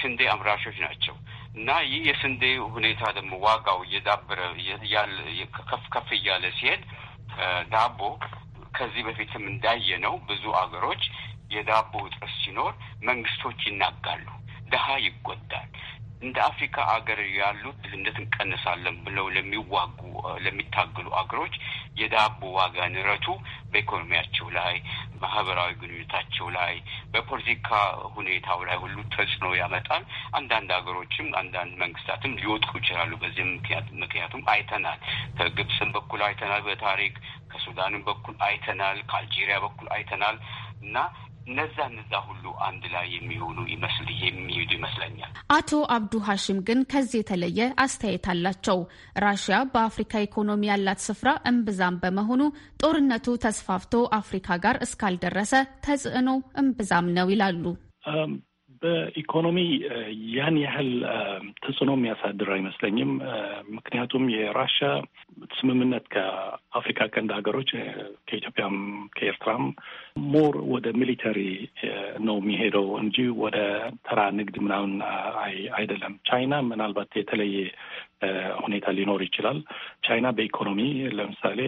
ስንዴ አምራቾች ናቸው እና ይህ የስንዴ ሁኔታ ደግሞ ዋጋው እየዳበረ ከፍ ከፍ እያለ ሲሄድ ዳቦ ከዚህ በፊትም እንዳየ ነው ብዙ አገሮች የዳቦ እጥረት ሲኖር መንግስቶች ይናጋሉ፣ ድሀ ይጎዳል። እንደ አፍሪካ አገር ያሉ ድህነት እንቀንሳለን ብለው ለሚዋጉ ለሚታገሉ አገሮች የዳቦ ዋጋ ንረቱ በኢኮኖሚያቸው ላይ ማህበራዊ ግንኙነታቸው ላይ በፖለቲካ ሁኔታው ላይ ሁሉ ተጽዕኖ ያመጣል። አንዳንድ ሀገሮችም አንዳንድ መንግስታትም ሊወጥቁ ይችላሉ። በዚህም ምክንያት ምክንያቱም አይተናል። ከግብፅም በኩል አይተናል፣ በታሪክ ከሱዳንም በኩል አይተናል፣ ከአልጄሪያ በኩል አይተናል እና እነዛ እነዛ ሁሉ አንድ ላይ የሚሆኑ ይመስል የሚሄዱ ይመስለኛል። አቶ አብዱ ሀሽም ግን ከዚህ የተለየ አስተያየት አላቸው። ራሽያ በአፍሪካ ኢኮኖሚ ያላት ስፍራ እምብዛም በመሆኑ ጦርነቱ ተስፋፍቶ አፍሪካ ጋር እስካልደረሰ ተጽዕኖ እምብዛም ነው ይላሉ። በኢኮኖሚ ያን ያህል ተጽዕኖ የሚያሳድር አይመስለኝም። ምክንያቱም የራሻ ስምምነት ከአፍሪካ ቀንድ ሀገሮች ከኢትዮጵያም ከኤርትራም ሞር ወደ ሚሊተሪ ነው የሚሄደው እንጂ ወደ ተራ ንግድ ምናምን አይደለም። ቻይና ምናልባት የተለየ ሁኔታ ሊኖር ይችላል። ቻይና በኢኮኖሚ ለምሳሌ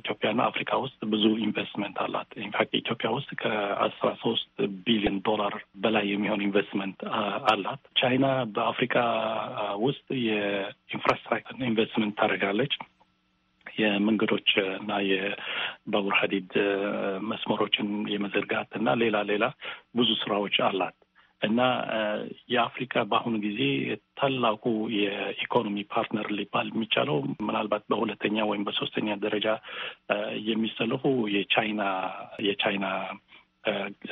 ኢትዮጵያና አፍሪካ ውስጥ ብዙ ኢንቨስትመንት አላት። ኢንፋክት ኢትዮጵያ ውስጥ ከአስራ ሶስት ቢሊዮን ዶላር በላይ የሚሆን ኢንቨስትመንት አላት። ቻይና በአፍሪካ ውስጥ የኢንፍራስትራክቸር ኢንቨስትመንት ታደርጋለች። የመንገዶች እና የባቡር ሀዲድ መስመሮችን የመዘርጋት እና ሌላ ሌላ ብዙ ስራዎች አላት እና የአፍሪካ በአሁኑ ጊዜ ታላቁ የኢኮኖሚ ፓርትነር ሊባል የሚቻለው ምናልባት በሁለተኛ ወይም በሶስተኛ ደረጃ የሚሰለፉ የቻይና የቻይና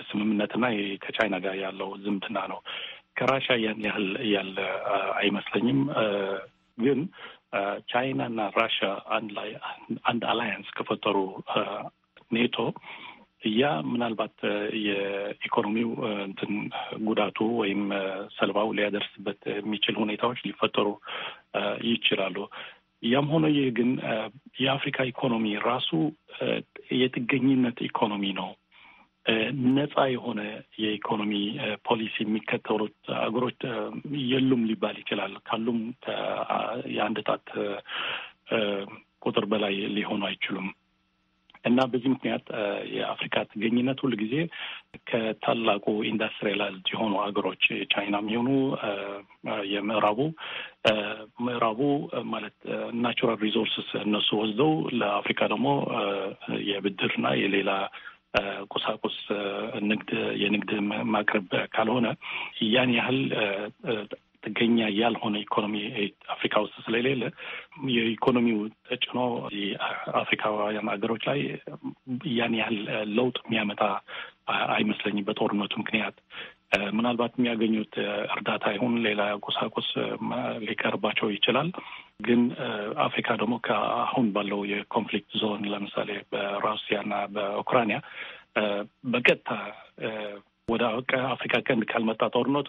ስምምነትና ከቻይና ጋር ያለው ዝምድና ነው። ከራሻ ያን ያህል ያለ አይመስለኝም። ግን ቻይና እና ራሽያ አንድ ላይ አንድ አላያንስ ከፈጠሩ ኔቶ ያ ምናልባት የኢኮኖሚው እንትን ጉዳቱ ወይም ሰልባው ሊያደርስበት የሚችል ሁኔታዎች ሊፈጠሩ ይችላሉ። ያም ሆኖ ይህ ግን የአፍሪካ ኢኮኖሚ ራሱ የጥገኝነት ኢኮኖሚ ነው። ነጻ የሆነ የኢኮኖሚ ፖሊሲ የሚከተሉት አገሮች የሉም ሊባል ይችላል። ካሉም የአንድ ጣት ቁጥር በላይ ሊሆኑ አይችሉም። እና በዚህ ምክንያት የአፍሪካ ጥገኝነት ሁልጊዜ ከታላቁ ኢንዱስትሪላል የሆኑ ሀገሮች ቻይና የሚሆኑ የምዕራቡ ምዕራቡ ማለት ናቹራል ሪሶርስስ እነሱ ወስደው ለአፍሪካ ደግሞ የብድርና የሌላ ቁሳቁስ ንግድ የንግድ ማቅረብ ካልሆነ ያን ያህል ጥገኛ ያልሆነ ኢኮኖሚ አፍሪካ ውስጥ ስለሌለ የኢኮኖሚው ተጭኖ አፍሪካውያን ሀገሮች ላይ ያን ያህል ለውጥ የሚያመጣ አይመስለኝም። በጦርነቱ ምክንያት ምናልባት የሚያገኙት እርዳታ ይሁን ሌላ ቁሳቁስ ሊቀርባቸው ይችላል። ግን አፍሪካ ደግሞ ከአሁን ባለው የኮንፍሊክት ዞን ለምሳሌ በራሲያና በኡክራኒያ በቀጥታ ወደ አፍሪካ ቀንድ ካልመጣ ጦርነቱ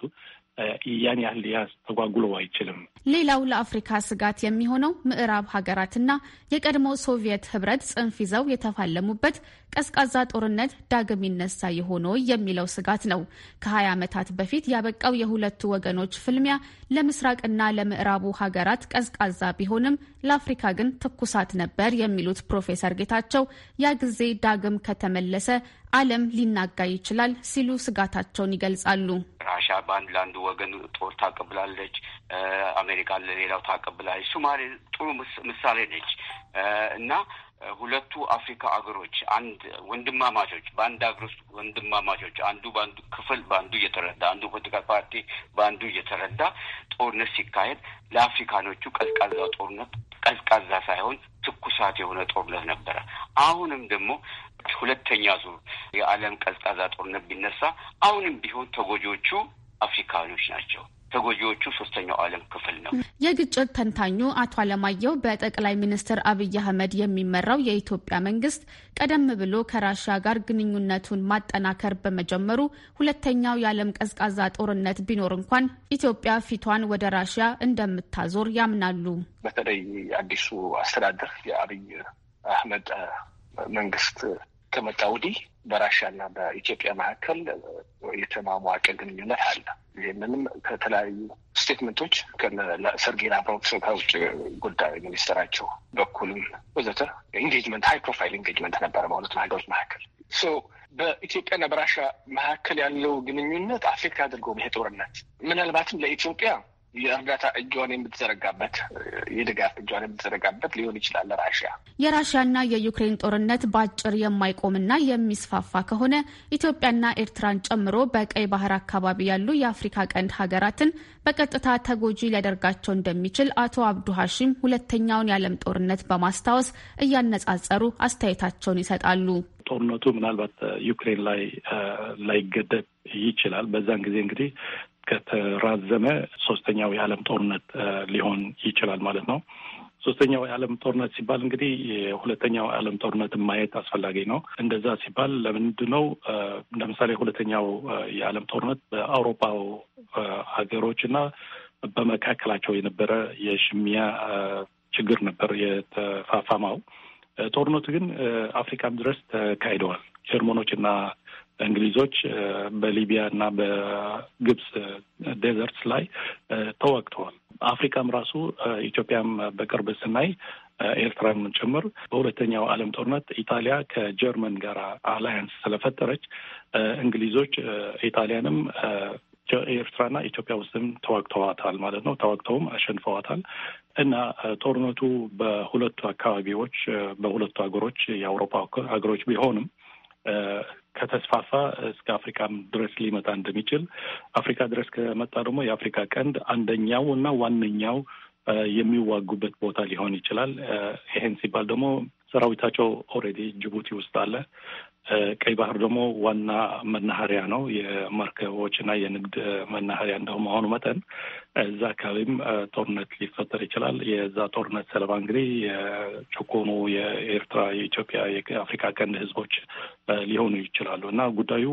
ያን ያህል ያስተጓጉሎ አይችልም። ሌላው ለአፍሪካ ስጋት የሚሆነው ምዕራብ ሀገራትና የቀድሞ ሶቪየት ህብረት ጽንፍ ይዘው የተፋለሙበት ቀዝቃዛ ጦርነት ዳግም ይነሳ የሆነ የሚለው ስጋት ነው። ከ20 ዓመታት በፊት ያበቃው የሁለቱ ወገኖች ፍልሚያ ለምስራቅና ለምዕራቡ ሀገራት ቀዝቃዛ ቢሆንም ለአፍሪካ ግን ትኩሳት ነበር የሚሉት ፕሮፌሰር ጌታቸው ያ ጊዜ ዳግም ከተመለሰ ዓለም ሊናጋ ይችላል ሲሉ ስጋታቸውን ይገልጻሉ። ራሽያ በአንድ ለአንዱ ወገን ጦር ታቀብላለች፣ አሜሪካን ለሌላው ታቀብላለች። ሱማሌ ጥሩ ምሳሌ ነች እና ሁለቱ አፍሪካ አገሮች አንድ ወንድማማቾች በአንድ አገር ውስጥ ወንድማማቾች አንዱ በአንዱ ክፍል በአንዱ እየተረዳ አንዱ ፖለቲካ ፓርቲ በአንዱ እየተረዳ ጦርነት ሲካሄድ ለአፍሪካኖቹ ቀዝቃዛ ጦርነት ቀዝቃዛ ሳይሆን ትኩሳት የሆነ ጦርነት ነበረ። አሁንም ደግሞ ሁለተኛ ዙር የዓለም ቀዝቃዛ ጦርነት ቢነሳ አሁንም ቢሆን ተጎጂዎቹ አፍሪካኖች ናቸው። ተጎጂዎቹ ሶስተኛው ዓለም ክፍል ነው። የግጭት ተንታኙ አቶ አለማየሁ በጠቅላይ ሚኒስትር አብይ አህመድ የሚመራው የኢትዮጵያ መንግስት ቀደም ብሎ ከራሽያ ጋር ግንኙነቱን ማጠናከር በመጀመሩ ሁለተኛው የዓለም ቀዝቃዛ ጦርነት ቢኖር እንኳን ኢትዮጵያ ፊቷን ወደ ራሽያ እንደምታዞር ያምናሉ። በተለይ አዲሱ አስተዳደር የአብይ አህመድ መንግስት ከመጣ ወዲህ በራሻና በኢትዮጵያ መካከል የተሟሟቀ ግንኙነት አለ። ይህንንም ከተለያዩ ስቴትመንቶች ሰርጌይ ላቭሮቭ ከውጭ ጉዳይ ሚኒስትራቸው በኩልም ወዘተ ኢንጌጅመንት ሀይ ፕሮፋይል ኢንጌጅመንት ነበረ በሁለቱ ሀገሮች መካከል በኢትዮጵያና በራሻ መካከል ያለው ግንኙነት አፌክት አድርገው ይሄ ጦርነት ምናልባትም ለኢትዮጵያ የእርዳታ እጇን የምትዘረጋበት የድጋፍ እጇን የምትዘረጋበት ሊሆን ይችላል። ራሽያ የራሽያና የዩክሬን ጦርነት በአጭር የማይቆምና የሚስፋፋ ከሆነ ኢትዮጵያና ኤርትራን ጨምሮ በቀይ ባህር አካባቢ ያሉ የአፍሪካ ቀንድ ሀገራትን በቀጥታ ተጎጂ ሊያደርጋቸው እንደሚችል አቶ አብዱ ሀሺም ሁለተኛውን የዓለም ጦርነት በማስታወስ እያነጻጸሩ አስተያየታቸውን ይሰጣሉ። ጦርነቱ ምናልባት ዩክሬን ላይ ላይገደብ ይችላል። በዛን ጊዜ እንግዲህ ከተራዘመ ሶስተኛው የዓለም ጦርነት ሊሆን ይችላል ማለት ነው። ሶስተኛው የዓለም ጦርነት ሲባል እንግዲህ የሁለተኛው የዓለም ጦርነት ማየት አስፈላጊ ነው። እንደዛ ሲባል ለምንድን ነው? ለምሳሌ ሁለተኛው የዓለም ጦርነት በአውሮፓ ሀገሮች እና በመካከላቸው የነበረ የሽሚያ ችግር ነበር የተፋፋማው። ጦርነቱ ግን አፍሪካም ድረስ ተካሂደዋል። ጀርመኖች እና እንግሊዞች በሊቢያ እና በግብጽ ዴዘርትስ ላይ ተዋግተዋል። አፍሪካም ራሱ ኢትዮጵያም በቅርብ ስናይ ኤርትራን ጭምር በሁለተኛው ዓለም ጦርነት ኢጣሊያ ከጀርመን ጋር አላያንስ ስለፈጠረች እንግሊዞች ኢጣሊያንም ኤርትራና ኢትዮጵያ ውስጥም ተዋግተዋታል ማለት ነው። ተዋግተውም አሸንፈዋታል እና ጦርነቱ በሁለቱ አካባቢዎች በሁለቱ ሀገሮች የአውሮፓ ሀገሮች ቢሆንም ከተስፋፋ እስከ አፍሪካ ድረስ ሊመጣ እንደሚችል አፍሪካ ድረስ ከመጣ ደግሞ የአፍሪካ ቀንድ አንደኛው እና ዋነኛው የሚዋጉበት ቦታ ሊሆን ይችላል። ይሄን ሲባል ደግሞ ሰራዊታቸው ኦልሬዲ ጅቡቲ ውስጥ አለ። ቀይ ባህር ደግሞ ዋና መናኸሪያ ነው። የመርከቦችና የንግድ መናኸሪያ እንደመሆኑ መጠን እዛ አካባቢም ጦርነት ሊፈጠር ይችላል። የዛ ጦርነት ሰለባ እንግዲህ የጨቆኑ የኤርትራ፣ የኢትዮጵያ፣ የአፍሪካ ቀንድ ህዝቦች ሊሆኑ ይችላሉ እና ጉዳዩ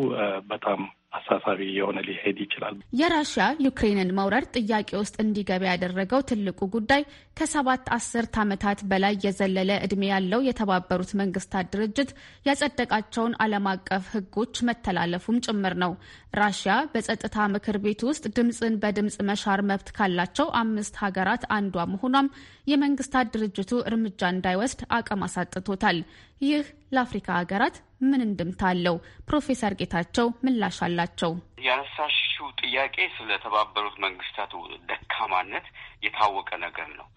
በጣም አሳሳቢ የሆነ ሊሄድ ይችላል። የራሽያ ዩክሬንን መውረር ጥያቄ ውስጥ እንዲገባ ያደረገው ትልቁ ጉዳይ ከሰባት አስርት ዓመታት በላይ የዘለለ ዕድሜ ያለው የተባበሩት መንግስታት ድርጅት ያጸደቃቸውን ዓለም አቀፍ ሕጎች መተላለፉም ጭምር ነው። ራሽያ በጸጥታ ምክር ቤት ውስጥ ድምፅን በድምፅ መሻር መብት ካላቸው አምስት ሀገራት አንዷ መሆኗም የመንግስታት ድርጅቱ እርምጃ እንዳይወስድ አቅም አሳጥቶታል። ይህ ለአፍሪካ ሀገራት ምን እንድምታ አለው? ፕሮፌሰር ጌታቸው ምላሽ አላቸው። ያነሳሽው ጥያቄ ስለ ተባበሩት መንግስታት ደካማነት የታወቀ ነገር ነው።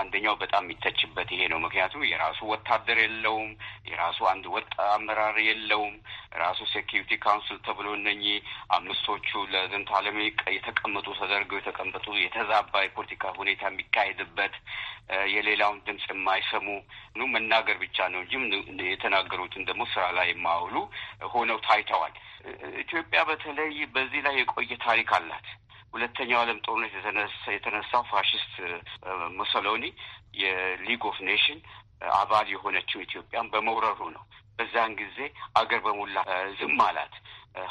አንደኛው በጣም የሚተችበት ይሄ ነው። ምክንያቱም የራሱ ወታደር የለውም፣ የራሱ አንድ ወጥ አመራር የለውም። ራሱ ሴኪሪቲ ካውንስል ተብሎ እነኚህ አምስቶቹ ለዝንት ዓለም የተቀመጡ ተደርገው የተቀመጡ የተዛባ የፖለቲካ ሁኔታ የሚካሄድበት የሌላውን ድምፅ የማይሰሙ ኑ መናገር ብቻ ነው እንጂ የተናገሩትን ደግሞ ስራ ላይ የማውሉ ሆነው ታይተዋል። ኢትዮጵያ በተለይ በዚህ ላይ የቆየ ታሪክ አላት። ሁለተኛው ዓለም ጦርነት የተነሳው ፋሽስት ሙሶሎኒ የሊግ ኦፍ ኔሽን አባል የሆነችው ኢትዮጵያን በመውረሩ ነው። በዛን ጊዜ አገር በሙላ ዝም አላት።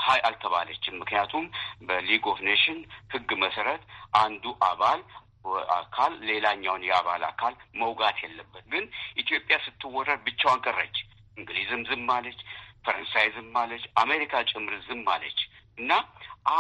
ሀይ አልተባለችም። ምክንያቱም በሊግ ኦፍ ኔሽን ህግ መሰረት አንዱ አባል አካል ሌላኛውን የአባል አካል መውጋት የለበት። ግን ኢትዮጵያ ስትወረር ብቻዋን ቀረች። እንግሊዝም ዝም አለች፣ ፈረንሳይ ዝም አለች፣ አሜሪካ ጭምር ዝም አለች እና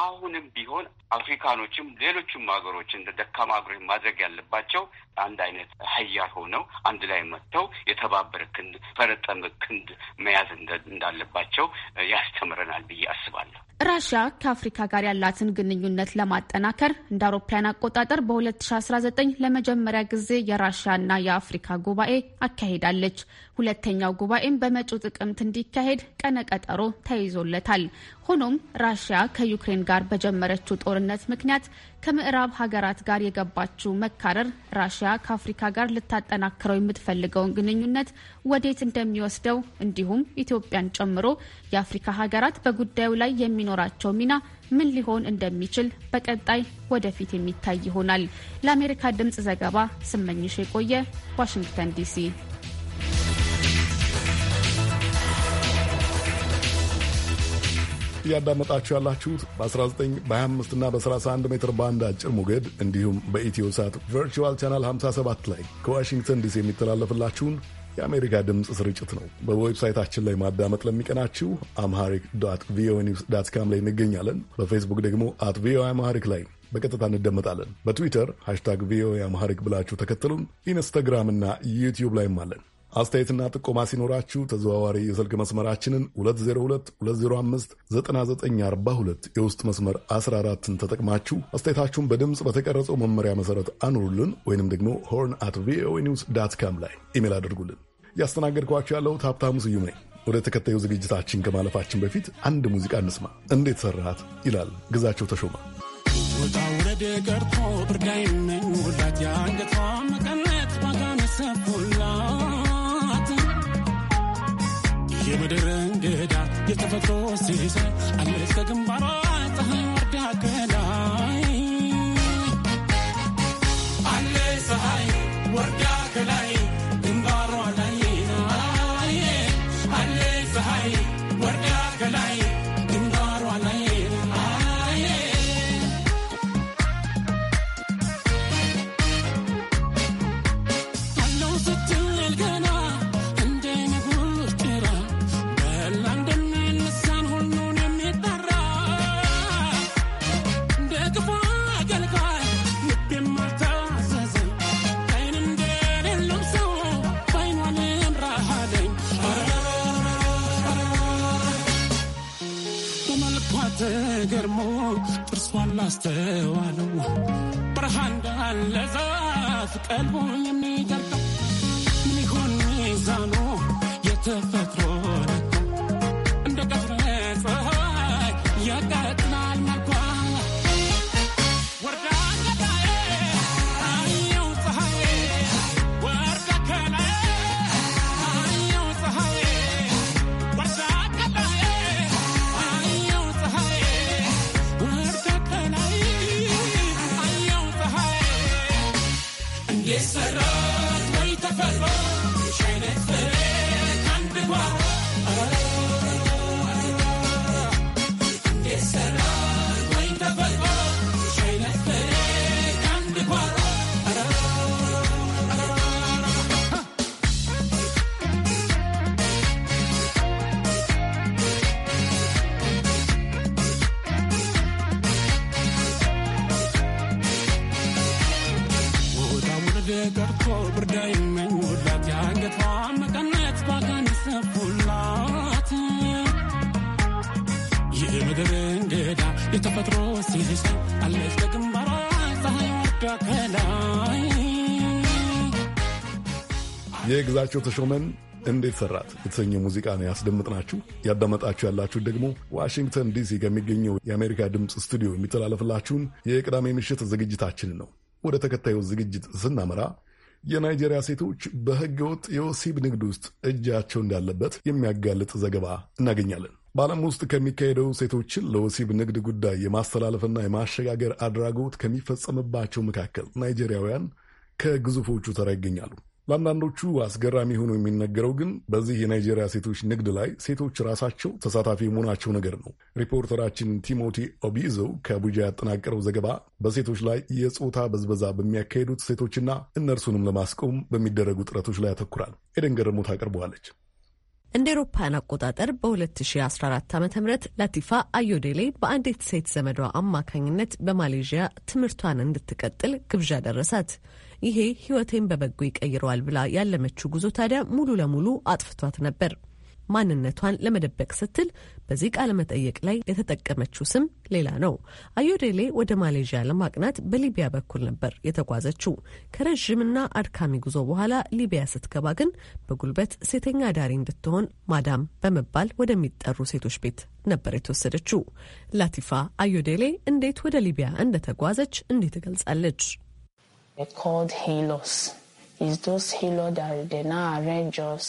አሁንም ቢሆን አፍሪካኖችም ሌሎችም ሀገሮች እንደ ደካማ ሀገሮች ማድረግ ያለባቸው አንድ አይነት ሀያል ሆነው አንድ ላይ መጥተው የተባበረ ክንድ ፈረጠመ ክንድ መያዝ እንዳለባቸው ያስተምረናል ብዬ አስባለሁ። ራሽያ ከአፍሪካ ጋር ያላትን ግንኙነት ለማጠናከር እንደ አውሮፓያን አቆጣጠር በ2019 ለመጀመሪያ ጊዜ የራሽያና የአፍሪካ ጉባኤ አካሂዳለች። ሁለተኛው ጉባኤም በመጪው ጥቅምት እንዲካሄድ ቀነ ቀጠሮ ተይዞለታል። ሆኖም ራሽያ ከዩክሬን ጋር በጀመረችው ጦርነት ምክንያት ከምዕራብ ሀገራት ጋር የገባችው መካረር ራሽያ ከአፍሪካ ጋር ልታጠናክረው የምትፈልገውን ግንኙነት ወዴት እንደሚወስደው እንዲሁም ኢትዮጵያን ጨምሮ የአፍሪካ ሀገራት በጉዳዩ ላይ የሚኖራቸው ሚና ምን ሊሆን እንደሚችል በቀጣይ ወደፊት የሚታይ ይሆናል። ለአሜሪካ ድምጽ ዘገባ ስመኝሽ የቆየ ዋሽንግተን ዲሲ እያዳመጣችሁ ያላችሁት በ19 በ25 እና በ31 ሜትር ባንድ አጭር ሞገድ እንዲሁም በኢትዮ ሳት ቨርቹዋል ቻናል 57 ላይ ከዋሽንግተን ዲሲ የሚተላለፍላችሁን የአሜሪካ ድምፅ ስርጭት ነው። በዌብሳይታችን ላይ ማዳመጥ ለሚቀናችሁ አምሃሪክ ዶት ቪኦኤ ኒውስ ዳት ካም ላይ እንገኛለን። በፌስቡክ ደግሞ አት ቪኦኤ አምሃሪክ ላይ በቀጥታ እንደመጣለን። በትዊተር ሃሽታግ ቪኦኤ አምሃሪክ ብላችሁ ተከተሉን። ኢንስታግራም እና ዩቲዩብ ላይም አለን። አስተያየትና ጥቆማ ሲኖራችሁ ተዘዋዋሪ የስልክ መስመራችንን 2022059942 የውስጥ መስመር 14ን ተጠቅማችሁ አስተያየታችሁን በድምፅ በተቀረጸው መመሪያ መሰረት አኑሩልን ወይንም ደግሞ ሆርን አት ቪኦኤ ኒውስ ዳት ካም ላይ ኢሜል አድርጉልን። እያስተናገድኳችሁ ያለሁት ሀብታሙ ስዩም ነኝ። ወደ ተከታዩ ዝግጅታችን ከማለፋችን በፊት አንድ ሙዚቃ እንስማ። እንዴት ሰራሃት ይላል ግዛቸው ተሾመ። ወጣ ውረድ ቀርቶ ብርዳይነ መቀነት ዋጋ ሁላ የምድር እንግዳ የተፈጥሮ ሲሳይ አለች ከግንባሯ ፀሐይ ተስፋን ላስተዋለው ብርሃን እንዳለ ዛፍ ቀልቡን የሚገልጠው ምን ይሆን ሚዛኑ የተፈጥሮ ግዛቸው ተሾመን እንዴት ሰራት የተሰኘ ሙዚቃ ነው ያስደምጥናችሁ። ያዳመጣችሁ ያላችሁ ደግሞ ዋሽንግተን ዲሲ ከሚገኘው የአሜሪካ ድምፅ ስቱዲዮ የሚተላለፍላችሁን የቅዳሜ ምሽት ዝግጅታችን ነው። ወደ ተከታዩ ዝግጅት ስናመራ የናይጄሪያ ሴቶች ወጥ የወሲብ ንግድ ውስጥ እጃቸው እንዳለበት የሚያጋልጥ ዘገባ እናገኛለን። በዓለም ውስጥ ከሚካሄደው ሴቶችን ለወሲብ ንግድ ጉዳይ የማስተላለፍና የማሸጋገር አድራጎት ከሚፈጸምባቸው መካከል ናይጄሪያውያን ከግዙፎቹ ተራ ይገኛሉ። ለአንዳንዶቹ አስገራሚ ሆኖ የሚነገረው ግን በዚህ የናይጄሪያ ሴቶች ንግድ ላይ ሴቶች ራሳቸው ተሳታፊ መሆናቸው ነገር ነው። ሪፖርተራችን ቲሞቲ ኦቢዞ ከቡጃ ያጠናቀረው ዘገባ በሴቶች ላይ የጾታ በዝበዛ በሚያካሄዱት ሴቶችና እነርሱንም ለማስቆም በሚደረጉ ጥረቶች ላይ ያተኩራል። ኤደን ገረሞት ታቀርበዋለች። እንደ ኤሮፓያን አቆጣጠር በ2014 ዓ ም ላቲፋ አዮዴሌ በአንዲት ሴት ዘመዷ አማካኝነት በማሌዥያ ትምህርቷን እንድትቀጥል ግብዣ ደረሳት። ይሄ ህይወቴን በበጎ ይቀይረዋል ብላ ያለመችው ጉዞ ታዲያ ሙሉ ለሙሉ አጥፍቷት ነበር። ማንነቷን ለመደበቅ ስትል በዚህ ቃለ መጠየቅ ላይ የተጠቀመችው ስም ሌላ ነው። አዮዴሌ ወደ ማሌዥያ ለማቅናት በሊቢያ በኩል ነበር የተጓዘችው። ከረዥምና አድካሚ ጉዞ በኋላ ሊቢያ ስትገባ ግን በጉልበት ሴተኛ ዳሪ እንድትሆን ማዳም በመባል ወደሚጠሩ ሴቶች ቤት ነበር የተወሰደችው። ላቲፋ አዮዴሌ እንዴት ወደ ሊቢያ እንደተጓዘች እንዲህ ትገልጻለች። called halos. It's those that they now arrange us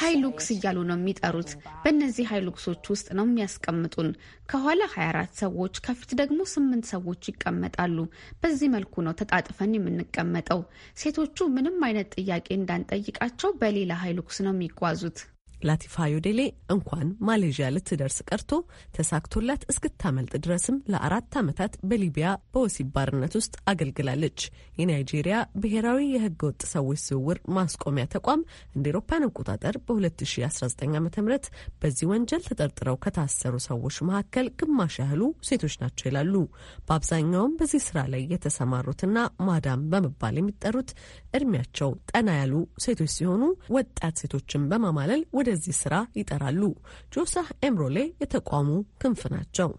ሃይሉክስ እያሉ ነው የሚጠሩት። በእነዚህ ሀይሉክሶች ውስጥ ነው የሚያስቀምጡን። ከኋላ 24 ሰዎች ከፊት ደግሞ ስምንት ሰዎች ይቀመጣሉ። በዚህ መልኩ ነው ተጣጥፈን የምንቀመጠው። ሴቶቹ ምንም አይነት ጥያቄ እንዳንጠይቃቸው በሌላ ሀይሉክስ ነው የሚጓዙት። ላቲፋ ዮዴሌ እንኳን ማሌዥያ ልትደርስ ቀርቶ ተሳክቶላት እስክታመልጥ ድረስም ለአራት ዓመታት በሊቢያ በወሲብ ባርነት ውስጥ አገልግላለች። የናይጄሪያ ብሔራዊ የህገወጥ ሰዎች ዝውውር ማስቆሚያ ተቋም እንደ ኤሮፓን አቆጣጠር በ2019 ዓ ም በዚህ ወንጀል ተጠርጥረው ከታሰሩ ሰዎች መካከል ግማሽ ያህሉ ሴቶች ናቸው ይላሉ። በአብዛኛውም በዚህ ስራ ላይ የተሰማሩትና ማዳም በመባል የሚጠሩት እድሜያቸው ጠና ያሉ ሴቶች ሲሆኑ ወጣት ሴቶችን በማማለል ወደ ለዚህ ስራ ይጠራሉ። ጆሳህ ኤምሮሌ የተቋሙ ክንፍ ናቸው።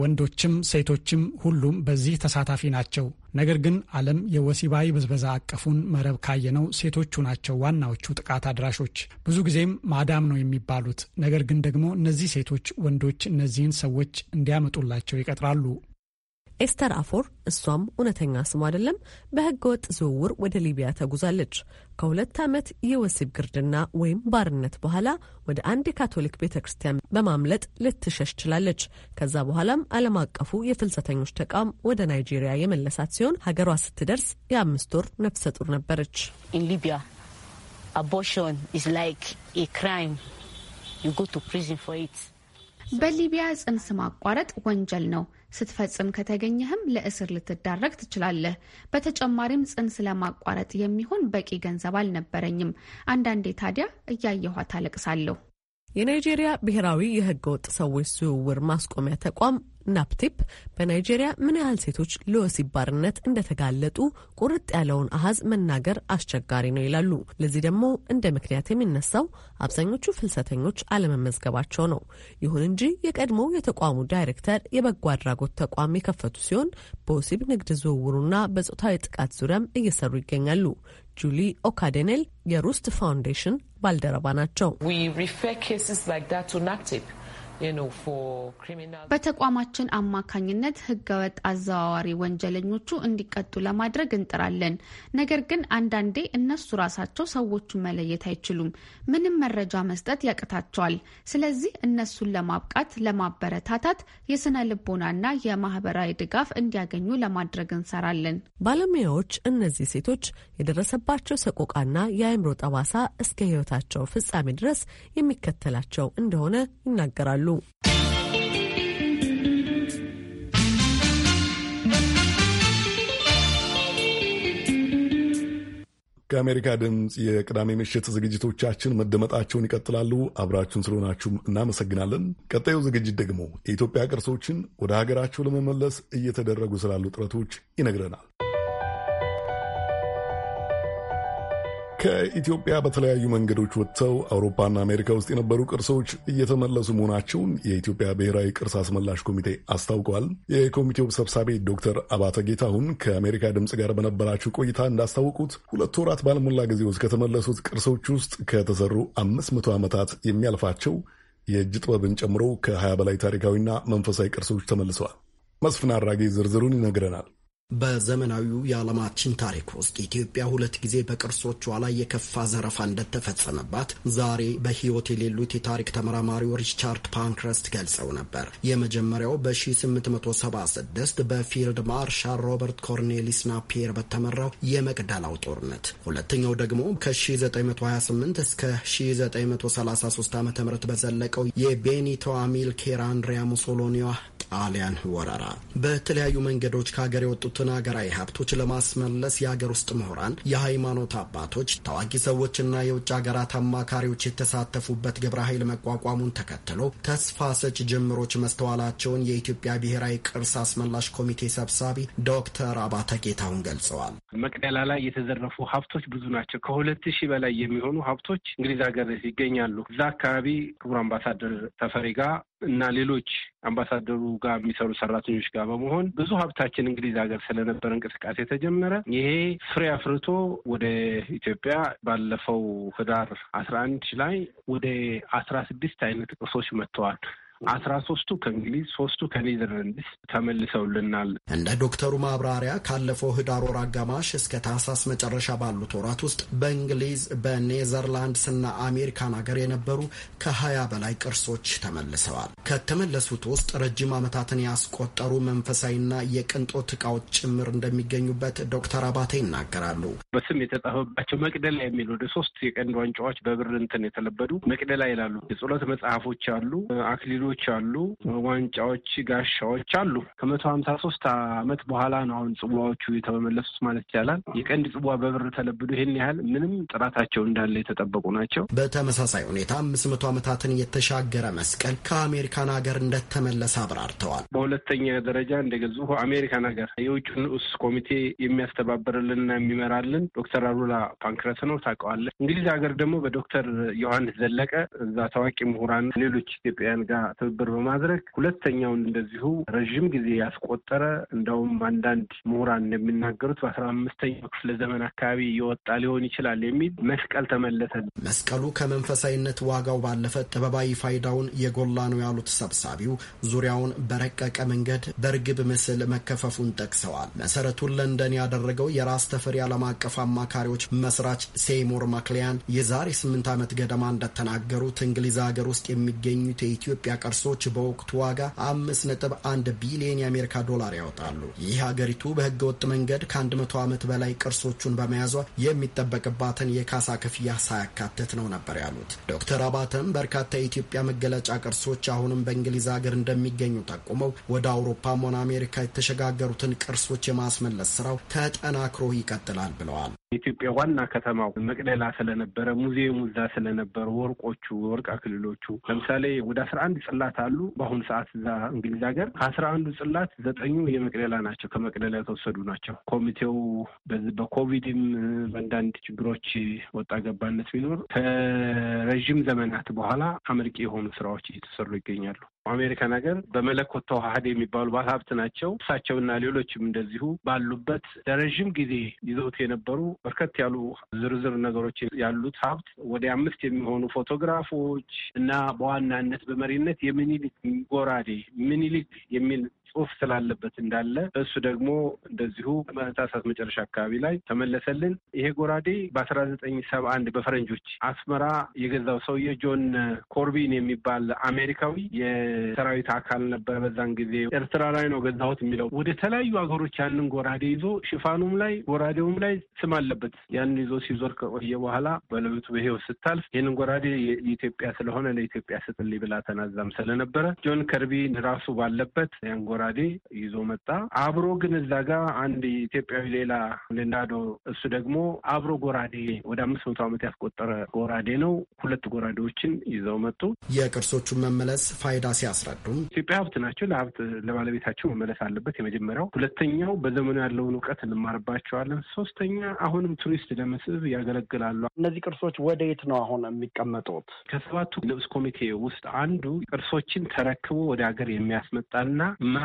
ወንዶችም ሴቶችም ሁሉም በዚህ ተሳታፊ ናቸው። ነገር ግን ዓለም የወሲባዊ ብዝበዛ አቀፉን መረብ ካየነው ሴቶቹ ናቸው ዋናዎቹ ጥቃት አድራሾች። ብዙ ጊዜም ማዳም ነው የሚባሉት። ነገር ግን ደግሞ እነዚህ ሴቶች ወንዶች እነዚህን ሰዎች እንዲያመጡላቸው ይቀጥራሉ። ኤስተር አፎር እሷም እውነተኛ ስሙ አይደለም፣ በህገ ወጥ ዝውውር ወደ ሊቢያ ተጉዛለች። ከሁለት ዓመት የወሲብ ግርድና ወይም ባርነት በኋላ ወደ አንድ የካቶሊክ ቤተ ክርስቲያን በማምለጥ ልትሸሽ ችላለች። ከዛ በኋላም ዓለም አቀፉ የፍልሰተኞች ተቋም ወደ ናይጄሪያ የመለሳት ሲሆን ሀገሯ ስትደርስ የአምስት ወር ነፍሰ ጡር ነበረች። ሊቢያ አቦርሽን ኢዝ ላይክ ኤ ክራይም ዩ ጎ ቱ ፕሪዝን ፎር ኢት። በሊቢያ ጽንስ ማቋረጥ ወንጀል ነው። ስትፈጽም ከተገኘህም ለእስር ልትዳረግ ትችላለህ። በተጨማሪም ጽንስ ለማቋረጥ የሚሆን በቂ ገንዘብ አልነበረኝም። አንዳንዴ ታዲያ እያየኋ ታለቅሳለሁ። የናይጄሪያ ብሔራዊ የህገወጥ ሰዎች ዝውውር ማስቆሚያ ተቋም ናፕቲፕ በናይጄሪያ ምን ያህል ሴቶች ለወሲብ ባርነት እንደተጋለጡ ቁርጥ ያለውን አሀዝ መናገር አስቸጋሪ ነው ይላሉ። ለዚህ ደግሞ እንደ ምክንያት የሚነሳው አብዛኞቹ ፍልሰተኞች አለመመዝገባቸው ነው። ይሁን እንጂ የቀድሞው የተቋሙ ዳይሬክተር የበጎ አድራጎት ተቋም የከፈቱ ሲሆን በወሲብ ንግድ ዝውውሩና በጾታዊ ጥቃት ዙሪያም እየሰሩ ይገኛሉ። ጁሊ ኦካዴኔል የሩስት ፋውንዴሽን ባልደረባ ናቸው። በተቋማችን አማካኝነት ህገወጥ አዘዋዋሪ ወንጀለኞቹ እንዲቀጡ ለማድረግ እንጥራለን። ነገር ግን አንዳንዴ እነሱ ራሳቸው ሰዎቹን መለየት አይችሉም፣ ምንም መረጃ መስጠት ያቅታቸዋል። ስለዚህ እነሱን ለማብቃት፣ ለማበረታታት የስነ ልቦናና የማህበራዊ ድጋፍ እንዲያገኙ ለማድረግ እንሰራለን። ባለሙያዎች እነዚህ ሴቶች የደረሰባቸው ሰቆቃና የአእምሮ ጠባሳ እስከ ህይወታቸው ፍጻሜ ድረስ የሚከተላቸው እንደሆነ ይናገራሉ። ይላሉ። ከአሜሪካ ድምፅ የቅዳሜ ምሽት ዝግጅቶቻችን መደመጣቸውን ይቀጥላሉ። አብራችሁን ስለሆናችሁም እናመሰግናለን። ቀጣዩ ዝግጅት ደግሞ የኢትዮጵያ ቅርሶችን ወደ ሀገራቸው ለመመለስ እየተደረጉ ስላሉ ጥረቶች ይነግረናል። ከኢትዮጵያ በተለያዩ መንገዶች ወጥተው አውሮፓና አሜሪካ ውስጥ የነበሩ ቅርሶች እየተመለሱ መሆናቸውን የኢትዮጵያ ብሔራዊ ቅርስ አስመላሽ ኮሚቴ አስታውቋል። የኮሚቴው ሰብሳቢ ዶክተር አባተ ጌታሁን ከአሜሪካ ድምፅ ጋር በነበራቸው ቆይታ እንዳስታወቁት ሁለት ወራት ባልሞላ ጊዜ ውስጥ ከተመለሱት ቅርሶች ውስጥ ከተሰሩ አምስት መቶ ዓመታት የሚያልፋቸው የእጅ ጥበብን ጨምሮ ከ20 በላይ ታሪካዊና መንፈሳዊ ቅርሶች ተመልሰዋል። መስፍን አራጌ ዝርዝሩን ይነግረናል። በዘመናዊው የዓለማችን ታሪክ ውስጥ ኢትዮጵያ ሁለት ጊዜ በቅርሶቿ ላይ የከፋ ዘረፋ እንደተፈጸመባት ዛሬ በሕይወት የሌሉት የታሪክ ተመራማሪው ሪቻርድ ፓንክረስት ገልጸው ነበር። የመጀመሪያው በ1876 በፊልድ ማርሻል ሮበርት ኮርኔሊስ ናፒየር በተመራው የመቅደላው ጦርነት፣ ሁለተኛው ደግሞ ከ1928 እስከ 1933 ዓ ም በዘለቀው የቤኒቶ አሚልኬር አንድሪያ ሙሶሎኒዋ ጣሊያን ወረራ። በተለያዩ መንገዶች ከሀገር የወጡት የቀሩትን ሀገራዊ ሀብቶች ለማስመለስ የሀገር ውስጥ ምሁራን፣ የሃይማኖት አባቶች፣ ታዋቂ ሰዎችና የውጭ ሀገራት አማካሪዎች የተሳተፉበት ግብረ ኃይል መቋቋሙን ተከትሎ ተስፋ ሰጭ ጅምሮች መስተዋላቸውን የኢትዮጵያ ብሔራዊ ቅርስ አስመላሽ ኮሚቴ ሰብሳቢ ዶክተር አባተ ጌታሁን ገልጸዋል። መቅደላ ላይ የተዘረፉ ሀብቶች ብዙ ናቸው። ከሁለት ሺህ በላይ የሚሆኑ ሀብቶች እንግሊዝ ሀገር ይገኛሉ። እዛ አካባቢ ክቡር አምባሳደር ተፈሪ ጋር እና ሌሎች አምባሳደሩ ጋር የሚሰሩ ሰራተኞች ጋር በመሆን ብዙ ሀብታችን እንግሊዝ ሀገር ስለነበረ እንቅስቃሴ ተጀመረ። ይሄ ፍሬ አፍርቶ ወደ ኢትዮጵያ ባለፈው ህዳር አስራ አንድ ላይ ወደ አስራ ስድስት አይነት ቅርሶች መጥተዋል። አስራ ሶስቱ ከእንግሊዝ ሶስቱ ከኔዘርላንድስ ተመልሰውልናል። እንደ ዶክተሩ ማብራሪያ ካለፈው ህዳር ወር አጋማሽ እስከ ታህሳስ መጨረሻ ባሉት ወራት ውስጥ በእንግሊዝ በኔዘርላንድስ እና አሜሪካን ሀገር የነበሩ ከሀያ በላይ ቅርሶች ተመልሰዋል። ከተመለሱት ውስጥ ረጅም ዓመታትን ያስቆጠሩ መንፈሳዊና የቅንጦት እቃዎች ጭምር እንደሚገኙበት ዶክተር አባተ ይናገራሉ። በስም የተጻፈባቸው መቅደላ የሚል ወደ ሶስት የቀንድ ዋንጫዎች በብር እንትን የተለበዱ መቅደላ ይላሉ። የጸሎት መጽሐፎች አሉ። አክሊሉ ትሮፊዎች አሉ፣ ዋንጫዎች፣ ጋሻዎች አሉ። ከመቶ ሀምሳ ሶስት አመት በኋላ ነው አሁን ጽዋዎቹ የተመለሱት ማለት ይቻላል። የቀንድ ጽዋ በብር ተለብዶ ይህን ያህል ምንም ጥራታቸው እንዳለ የተጠበቁ ናቸው። በተመሳሳይ ሁኔታ አምስት መቶ ዓመታትን የተሻገረ መስቀል ከአሜሪካን ሀገር እንደተመለሰ አብራርተዋል። በሁለተኛ ደረጃ እንደገዙ አሜሪካን ሀገር የውጭ ንዑስ ኮሚቴ የሚያስተባብርልንና የሚመራልን ዶክተር አሉላ ፓንክረት ነው። ታውቀዋለህ። እንግሊዝ ሀገር ደግሞ በዶክተር ዮሐንስ ዘለቀ እዛ ታዋቂ ምሁራን ሌሎች ኢትዮጵያውያን ጋር ትብብር በማድረግ ሁለተኛውን እንደዚሁ ረዥም ጊዜ ያስቆጠረ እንደውም አንዳንድ ምሁራን እንደሚናገሩት በአስራ አምስተኛው ክፍለ ዘመን አካባቢ የወጣ ሊሆን ይችላል የሚል መስቀል ተመለሰ። መስቀሉ ከመንፈሳዊነት ዋጋው ባለፈ ጥበባዊ ፋይዳውን የጎላ ነው ያሉት ሰብሳቢው ዙሪያውን በረቀቀ መንገድ በእርግብ ምስል መከፈፉን ጠቅሰዋል። መሰረቱን ለንደን ያደረገው የራስ ተፈሪ ዓለም አቀፍ አማካሪዎች መስራች ሴይሞር ማክሊያን የዛሬ ስምንት ዓመት ገደማ እንደተናገሩት እንግሊዝ ሀገር ውስጥ የሚገኙት የኢትዮጵያ ቅርሶች በወቅቱ ዋጋ አምስት ነጥብ አንድ ቢሊዮን የአሜሪካ ዶላር ያወጣሉ። ይህ ሀገሪቱ በህገ ወጥ መንገድ ከአንድ መቶ ዓመት በላይ ቅርሶቹን በመያዟ የሚጠበቅባትን የካሳ ክፍያ ሳያካትት ነው ነበር ያሉት ዶክተር አባተም በርካታ የኢትዮጵያ መገለጫ ቅርሶች አሁንም በእንግሊዝ ሀገር እንደሚገኙ ጠቁመው ወደ አውሮፓም ሆነ አሜሪካ የተሸጋገሩትን ቅርሶች የማስመለስ ስራው ተጠናክሮ ይቀጥላል ብለዋል። የኢትዮጵያ ዋና ከተማው መቅደላ ስለነበረ ሙዚየሙ እዛ ስለነበረ ወርቆቹ፣ ወርቅ አክሊሎቹ ለምሳሌ ወደ አስራ አንድ ጽላት አሉ በአሁኑ ሰዓት እዛ እንግሊዝ ሀገር። ከአስራ አንዱ ጽላት ዘጠኙ የመቅደላ ናቸው፣ ከመቅደላ የተወሰዱ ናቸው። ኮሚቴው በዚህ በኮቪድም በአንዳንድ ችግሮች ወጣ ገባነት ቢኖር ከረዥም ዘመናት በኋላ አመርቂ የሆኑ ስራዎች እየተሰሩ ይገኛሉ። አሜሪካን ሀገር በመለኮት ተዋህድ የሚባሉ ባለሀብት ናቸው። እሳቸውና ሌሎችም እንደዚሁ ባሉበት ለረዥም ጊዜ ይዘውት የነበሩ በርከት ያሉ ዝርዝር ነገሮች ያሉት ሀብት ወደ አምስት የሚሆኑ ፎቶግራፎች እና በዋናነት በመሪነት የምኒልክ ጎራዴ ምኒልክ የሚል ጽሁፍ ስላለበት እንዳለ እሱ ደግሞ እንደዚሁ መታሳት መጨረሻ አካባቢ ላይ ተመለሰልን። ይሄ ጎራዴ በአስራ ዘጠኝ ሰባ አንድ በፈረንጆች አስመራ የገዛው ሰውዬ ጆን ኮርቢን የሚባል አሜሪካዊ የሰራዊት አካል ነበረ። በዛን ጊዜ ኤርትራ ላይ ነው ገዛሁት የሚለው ወደ ተለያዩ ሀገሮች ያንን ጎራዴ ይዞ ሽፋኑም ላይ ጎራዴውም ላይ ስም አለበት። ያንን ይዞ ሲዞር ከቆየ በኋላ በለቤቱ በህይወት ስታልፍ ይህንን ጎራዴ የኢትዮጵያ ስለሆነ ለኢትዮጵያ ስጥልኝ ብላ ተናዛም ስለነበረ ጆን ከርቢን ራሱ ባለበት ያን ወራዴ ይዞ መጣ። አብሮ ግን እዛ ጋር አንድ ኢትዮጵያዊ ሌላ ልናዶ፣ እሱ ደግሞ አብሮ ጎራዴ ወደ አምስት መቶ ዓመት ያስቆጠረ ጎራዴ ነው። ሁለት ጎራዴዎችን ይዘው መጡ። የቅርሶቹን መመለስ ፋይዳ ሲያስረዱም ኢትዮጵያ ሀብት ናቸው፣ ለሀብት ለባለቤታቸው መመለስ አለበት። የመጀመሪያው። ሁለተኛው በዘመኑ ያለውን እውቀት እንማርባቸዋለን። ሶስተኛ አሁንም ቱሪስት ለመስህብ ያገለግላሉ። እነዚህ ቅርሶች ወደ የት ነው አሁን የሚቀመጡት? ከሰባቱ ንዑስ ኮሚቴ ውስጥ አንዱ ቅርሶችን ተረክቦ ወደ ሀገር የሚያስመጣና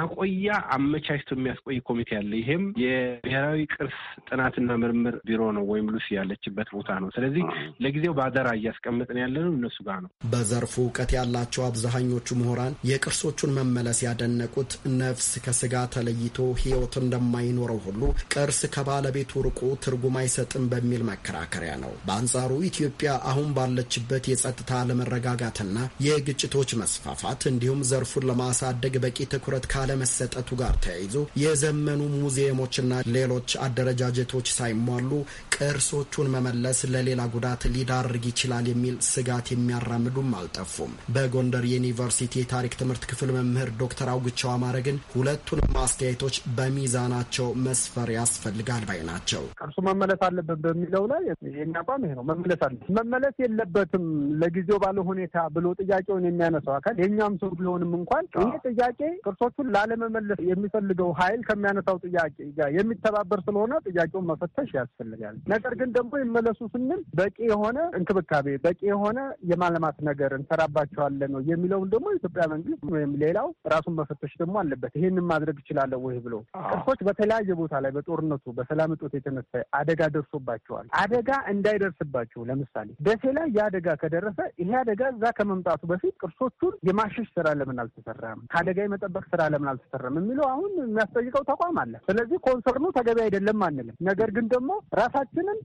ማቆያ አመቻችቶ የሚያስቆይ ኮሚቴ አለ። ይሄም የብሔራዊ ቅርስ ጥናትና ምርምር ቢሮ ነው ወይም ሉሲ ያለችበት ቦታ ነው። ስለዚህ ለጊዜው በአደራ እያስቀመጥን ያለነው እነሱ ጋር ነው። በዘርፉ እውቀት ያላቸው አብዛኞቹ ምሁራን የቅርሶቹን መመለስ ያደነቁት ነፍስ ከስጋ ተለይቶ ህይወት እንደማይኖረው ሁሉ ቅርስ ከባለቤቱ ርቆ ትርጉም አይሰጥም በሚል መከራከሪያ ነው። በአንጻሩ ኢትዮጵያ አሁን ባለችበት የጸጥታ አለመረጋጋትና የግጭቶች መስፋፋት እንዲሁም ዘርፉን ለማሳደግ በቂ ትኩረት ካለ ከመሰጠቱ ጋር ተያይዞ የዘመኑ ሙዚየሞችና ሌሎች አደረጃጀቶች ሳይሟሉ ቅርሶቹን መመለስ ለሌላ ጉዳት ሊዳርግ ይችላል የሚል ስጋት የሚያራምዱም አልጠፉም። በጎንደር ዩኒቨርሲቲ የታሪክ ትምህርት ክፍል መምህር ዶክተር አውግቸው አማረ ግን ሁለቱንም አስተያየቶች በሚዛናቸው መስፈር ያስፈልጋል ባይ ናቸው። ቅርሱ መመለስ አለበት በሚለው ላይ የእኛ አቋም ይሄ ነው። መመለስ አለ መመለስ የለበትም ለጊዜው ባለ ሁኔታ ብሎ ጥያቄውን የሚያነሳው አካል የእኛም ሰው ቢሆንም እንኳን ይህ ጥያቄ ቅርሶቹን ላለመመለስ የሚፈልገው ኃይል ከሚያነሳው ጥያቄ ጋር የሚተባበር ስለሆነ ጥያቄውን መፈተሽ ያስፈልጋል። ነገር ግን ደግሞ ይመለሱ ስንል በቂ የሆነ እንክብካቤ፣ በቂ የሆነ የማልማት ነገር እንሰራባቸዋለን ነው የሚለውን ደግሞ ኢትዮጵያ መንግስት ወይም ሌላው ራሱን መፈተሽ ደግሞ አለበት። ይህንን ማድረግ እችላለሁ ወይ ብሎ ቅርሶች በተለያየ ቦታ ላይ በጦርነቱ በሰላም እጦት የተነሳ አደጋ ደርሶባቸዋል። አደጋ እንዳይደርስባቸው ለምሳሌ ደሴ ላይ የአደጋ ከደረሰ ይሄ አደጋ እዛ ከመምጣቱ በፊት ቅርሶቹን የማሸሽ ስራ ለምን አልተሰራም? ከአደጋ የመጠበቅ ስራ ለምን አልተፈረም የሚለው አሁን የሚያስጠይቀው ተቋም አለ። ስለዚህ ኮንሰርኑ ተገቢ አይደለም አንልም። ነገር ግን ደግሞ ራሳችንን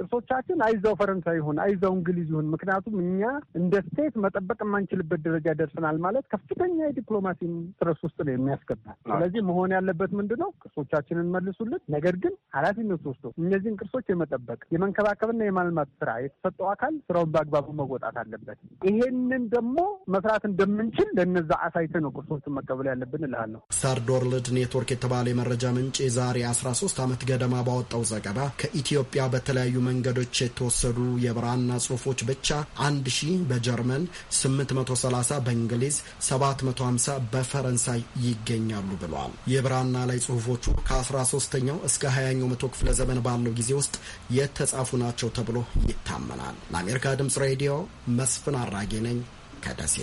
ቅርሶቻችን አይዛው ፈረንሳይ ይሁን አይዛው እንግሊዝ ይሁን፣ ምክንያቱም እኛ እንደ ስቴት መጠበቅ የማንችልበት ደረጃ ደርሰናል ማለት ከፍተኛ የዲፕሎማሲ ስረስ ውስጥ ነው የሚያስገባ። ስለዚህ መሆን ያለበት ምንድን ነው? ቅርሶቻችንን መልሱልን፣ ነገር ግን ኃላፊነት ወስዶ እነዚህን ቅርሶች የመጠበቅ የመንከባከብና የማልማት ስራ የተሰጠው አካል ስራውን በአግባቡ መወጣት አለበት። ይሄንን ደግሞ መስራት እንደምንችል ለነዛ አሳይተ ነው ቅርሶችን መቀበል ያለብን እልሃለሁ። ነው። ሰርዶርልድ ኔትወርክ የተባለ የመረጃ ምንጭ የዛሬ 13 ዓመት ገደማ ባወጣው ዘገባ ከኢትዮጵያ በተለያዩ መንገዶች የተወሰዱ የብራና ጽሑፎች ብቻ 1000 በጀርመን፣ 830 በእንግሊዝ፣ 750 በፈረንሳይ ይገኛሉ ብለዋል። የብራና ላይ ጽሑፎቹ ከ13ኛው እስከ 20ኛው መቶ ክፍለ ዘመን ባለው ጊዜ ውስጥ የተጻፉ ናቸው ተብሎ ይታመናል። ለአሜሪካ ድምጽ ሬዲዮ መስፍን አራጌ ነኝ ከደሴ።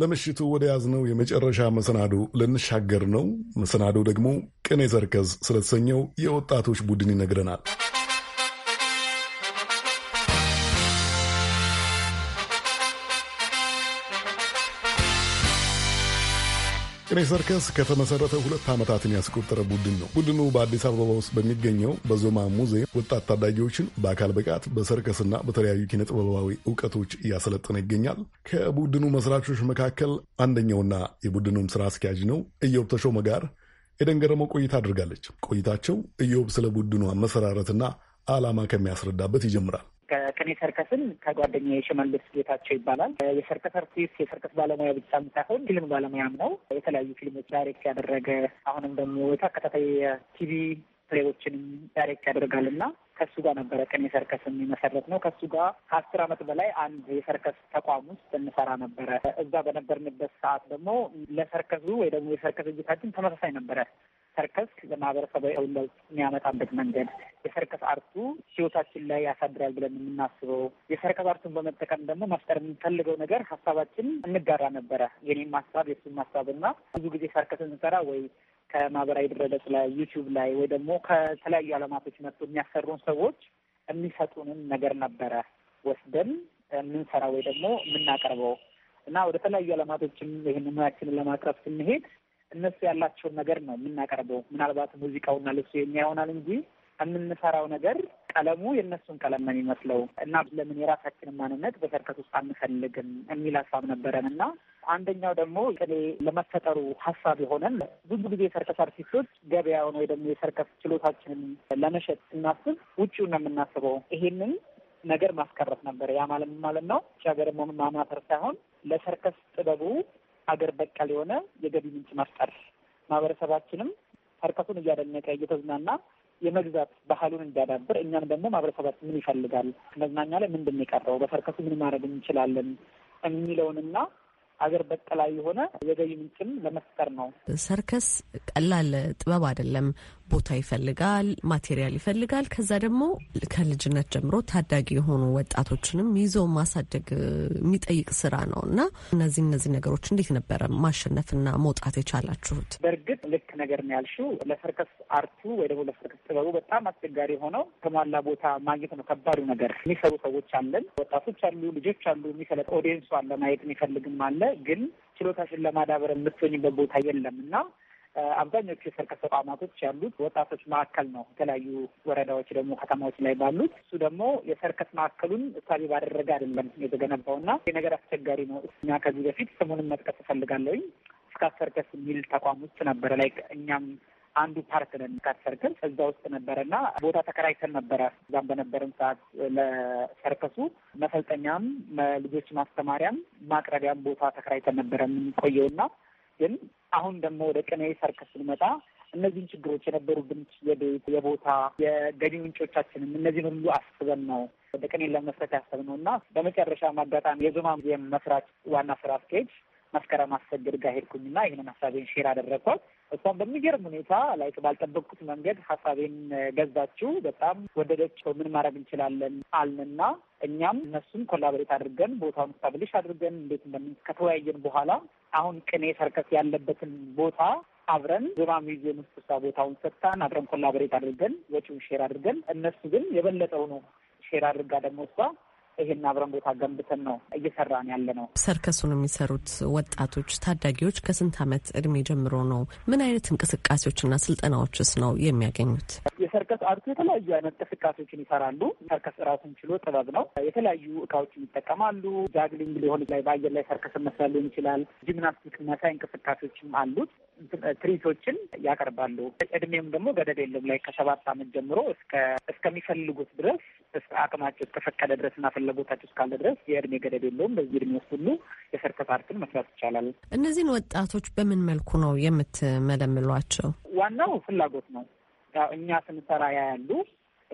ለምሽቱ ወደ ያዝነው የመጨረሻ መሰናዶ ልንሻገር ነው። መሰናዶ ደግሞ ቅኔ ሰርከስ ስለተሰኘው የወጣቶች ቡድን ይነግረናል። ቅኔ ሰርከስ ከተመሠረተ ሁለት ዓመታትን ያስቆጠረ ቡድን ነው። ቡድኑ በአዲስ አበባ ውስጥ በሚገኘው በዞማ ሙዚየም ወጣት ታዳጊዎችን በአካል ብቃት፣ በሰርከስና በተለያዩ ኪነ ጥበባዊ እውቀቶች እያሰለጠነ ይገኛል። ከቡድኑ መስራቾች መካከል አንደኛውና የቡድኑም ስራ አስኪያጅ ነው ኢዮብ ተሾመ ጋር የደንገረመ ቆይታ አድርጋለች። ቆይታቸው ኢዮብ ስለ ቡድኑ መሰራረትና ዓላማ ከሚያስረዳበት ይጀምራል። ከኔ ሰርከስን ከጓደኛ የሽመልስ ጌታቸው ይባላል። የሰርከስ አርቲስት የሰርከስ ባለሙያ ብቻም ሳይሆን ፊልም ባለሙያም ነው። የተለያዩ ፊልሞች ዳይሬክት ያደረገ አሁንም ደግሞ የተከታታይ ቲቪ ፕሌዎችንም ዳይሬክት ያደርጋል እና ከሱ ጋር ነበረ ቅኔ ሰርከስን የመሰረት ነው። ከሱ ጋር ከአስር አመት በላይ አንድ የሰርከስ ተቋም ውስጥ እንሰራ ነበረ። እዛ በነበርንበት ሰዓት ደግሞ ለሰርከሱ ወይ ደግሞ የሰርከስ እጅታችን ተመሳሳይ ነበረ። ሰርከስ ለማህበረሰባዊ ለውጥ የሚያመጣበት መንገድ የሰርከስ አርቱ ህይወታችን ላይ ያሳድራል ብለን የምናስበው የሰርከስ አርቱን በመጠቀም ደግሞ መፍጠር የምንፈልገው ነገር ሀሳባችን እንጋራ ነበረ። የኔም ሀሳብ የሱም ሀሳብ እና ብዙ ጊዜ ሰርከስን ስንሰራ ወይ ከማህበራዊ ድረገጽ ላይ ዩቲዩብ ላይ ወይ ደግሞ ከተለያዩ አለማቶች መጥቶ የሚያሰሩን ሰዎች የሚሰጡንን ነገር ነበረ ወስደን የምንሰራ ወይ ደግሞ የምናቀርበው እና ወደ ተለያዩ አለማቶችም ይህን ሙያችንን ለማቅረብ ስንሄድ እነሱ ያላቸውን ነገር ነው የምናቀርበው። ምናልባት ሙዚቃውና ልብሱ የኛ ይሆናል እንጂ የምንሰራው ነገር ቀለሙ የእነሱን ቀለም ነው የሚመስለው እና ለምን የራሳችንን ማንነት በሰርከት ውስጥ አንፈልግም የሚል ሀሳብ ነበረን እና አንደኛው ደግሞ ቅኔ ለመፈጠሩ ሀሳብ የሆነን ብዙ ጊዜ የሰርከስ አርቲስቶች ገበያውን ወይ ደግሞ የሰርከስ ችሎታችንን ለመሸጥ ስናስብ ውጭውን ነው የምናስበው። ይሄንን ነገር ማስቀረት ነበር። ያ ማለት ማለት ነው ብቻ ሀገር ማማተር ሳይሆን ለሰርከስ ጥበቡ ሀገር በቀል የሆነ የገቢ ምንጭ መፍጠር ማህበረሰባችንም ሰርከሱን እያደነቀ እየተዝናና የመግዛት ባህሉን እንዲያዳብር እኛም ደግሞ ማህበረሰባችን ምን ይፈልጋል፣ መዝናኛ ላይ ምንድን የቀረው፣ በሰርከሱ ምን ማድረግ እንችላለን የሚለውንና አገር በቀላ የሆነ የገቢ ምንጭም ለመፍጠር ነው። ሰርከስ ቀላል ጥበብ አይደለም። ቦታ ይፈልጋል፣ ማቴሪያል ይፈልጋል። ከዛ ደግሞ ከልጅነት ጀምሮ ታዳጊ የሆኑ ወጣቶችንም ይዞ ማሳደግ የሚጠይቅ ስራ ነው እና እነዚህ እነዚህ ነገሮች እንዴት ነበረ ማሸነፍና መውጣት የቻላችሁት? በእርግጥ ልክ ነገር ነው ያልሽው። ለሰርከስ አርቱ ወይ ደግሞ ለሰርከስ ጥበቡ በጣም አስቸጋሪ የሆነው ከሟላ ቦታ ማግኘት ነው ከባዱ ነገር። የሚሰሩ ሰዎች አለን፣ ወጣቶች አሉ፣ ልጆች አሉ፣ የሚፈለጥ ኦዲየንሱ አለ፣ ማየት የሚፈልግም አለ ግን ችሎታሽን ለማዳበር የምትሆኝበት ቦታ የለም እና አብዛኞቹ የሰርከስ ተቋማቶች ያሉት ወጣቶች ማዕከል ነው። የተለያዩ ወረዳዎች ደግሞ ከተማዎች ላይ ባሉት እሱ ደግሞ የሰርከስ ማዕከሉን እሳቢ ባደረገ አይደለም የተገነባውና የነገር አስቸጋሪ ነው። እኛ ከዚህ በፊት ስሙንም መጥቀስ እፈልጋለሁኝ እስከ ሰርከስ የሚል ተቋም ውስጥ ነበረ ላይ እኛም አንዱ ፓርክ ነን ካት ሰርክል እዛ ውስጥ ነበረና ቦታ ተከራይተን ነበረ። እዛም በነበረን ሰዓት ለሰርከሱ መሰልጠኛም ልጆች ማስተማሪያም ማቅረቢያም ቦታ ተከራይተን ነበረ የምንቆየውና ግን አሁን ደግሞ ወደ ቅኔ ሰርከስ ስንመጣ እነዚህን ችግሮች የነበሩብን የቤት፣ የቦታ፣ የገቢ ምንጮቻችንም እነዚህን ሁሉ አስበን ነው ወደ ቅኔን ለመስረት ያሰብነው እና በመጨረሻ አጋጣሚ የዞማ ሙዚየም መስራች ዋና ስራ አስኬጅ መስከረም አስቸገድ ጋር ሄድኩኝና ይህንን ሀሳቤን ሼር አደረግኳት። እሷም በሚገርም ሁኔታ ላይክ ባልጠበቅኩት መንገድ ሀሳቤን ገዛችው፣ በጣም ወደደች። ምን ማድረግ እንችላለን አልንና እኛም እነሱም ኮላቦሬት አድርገን ቦታውን ስታብልሽ አድርገን እንዴት እንደምን ከተወያየን በኋላ አሁን ቅኔ ሰርከስ ያለበትን ቦታ አብረን ዞማ ሚዚየም ውስጥ እሷ ቦታውን ሰጥታን አብረን ኮላቦሬት አድርገን ወጪውን ሼር አድርገን እነሱ ግን የበለጠው ነው ሼር አድርጋ ደግሞ እሷ ይሄን አብረን ቦታ ገንብተን ነው እየሰራን ያለ ነው። ሰርከሱን የሚሰሩት ወጣቶች ታዳጊዎች ከስንት ዓመት እድሜ ጀምሮ ነው? ምን አይነት እንቅስቃሴዎችና ስልጠናዎችስ ነው የሚያገኙት? የሰርከስ አርቱ የተለያዩ አይነት እንቅስቃሴዎችን ይሰራሉ። ሰርከስ ራሱን ችሎ ጥበብ ነው። የተለያዩ እቃዎችን ይጠቀማሉ። ጃግሊንግ ሊሆን ላይ በአየር ላይ ሰርከስ መስራት ይችላል። ጂምናስቲክ መሳይ እንቅስቃሴዎችም አሉት። ትርኢቶችን ያቀርባሉ። እድሜም ደግሞ ገደብ የለም ላይ ከሰባት አመት ጀምሮ እስከሚፈልጉት ድረስ አቅማቸው እስከፈቀደ ድረስ እና ፍላጎታቸው እስካለ ድረስ የእድሜ ገደብ የለውም። በዚህ እድሜ ውስጥ ሁሉ የሰርከስ አርትን መስራት ይቻላል። እነዚህን ወጣቶች በምን መልኩ ነው የምትመለምሏቸው? ዋናው ፍላጎት ነው። እኛ ስንሰራ ያያሉ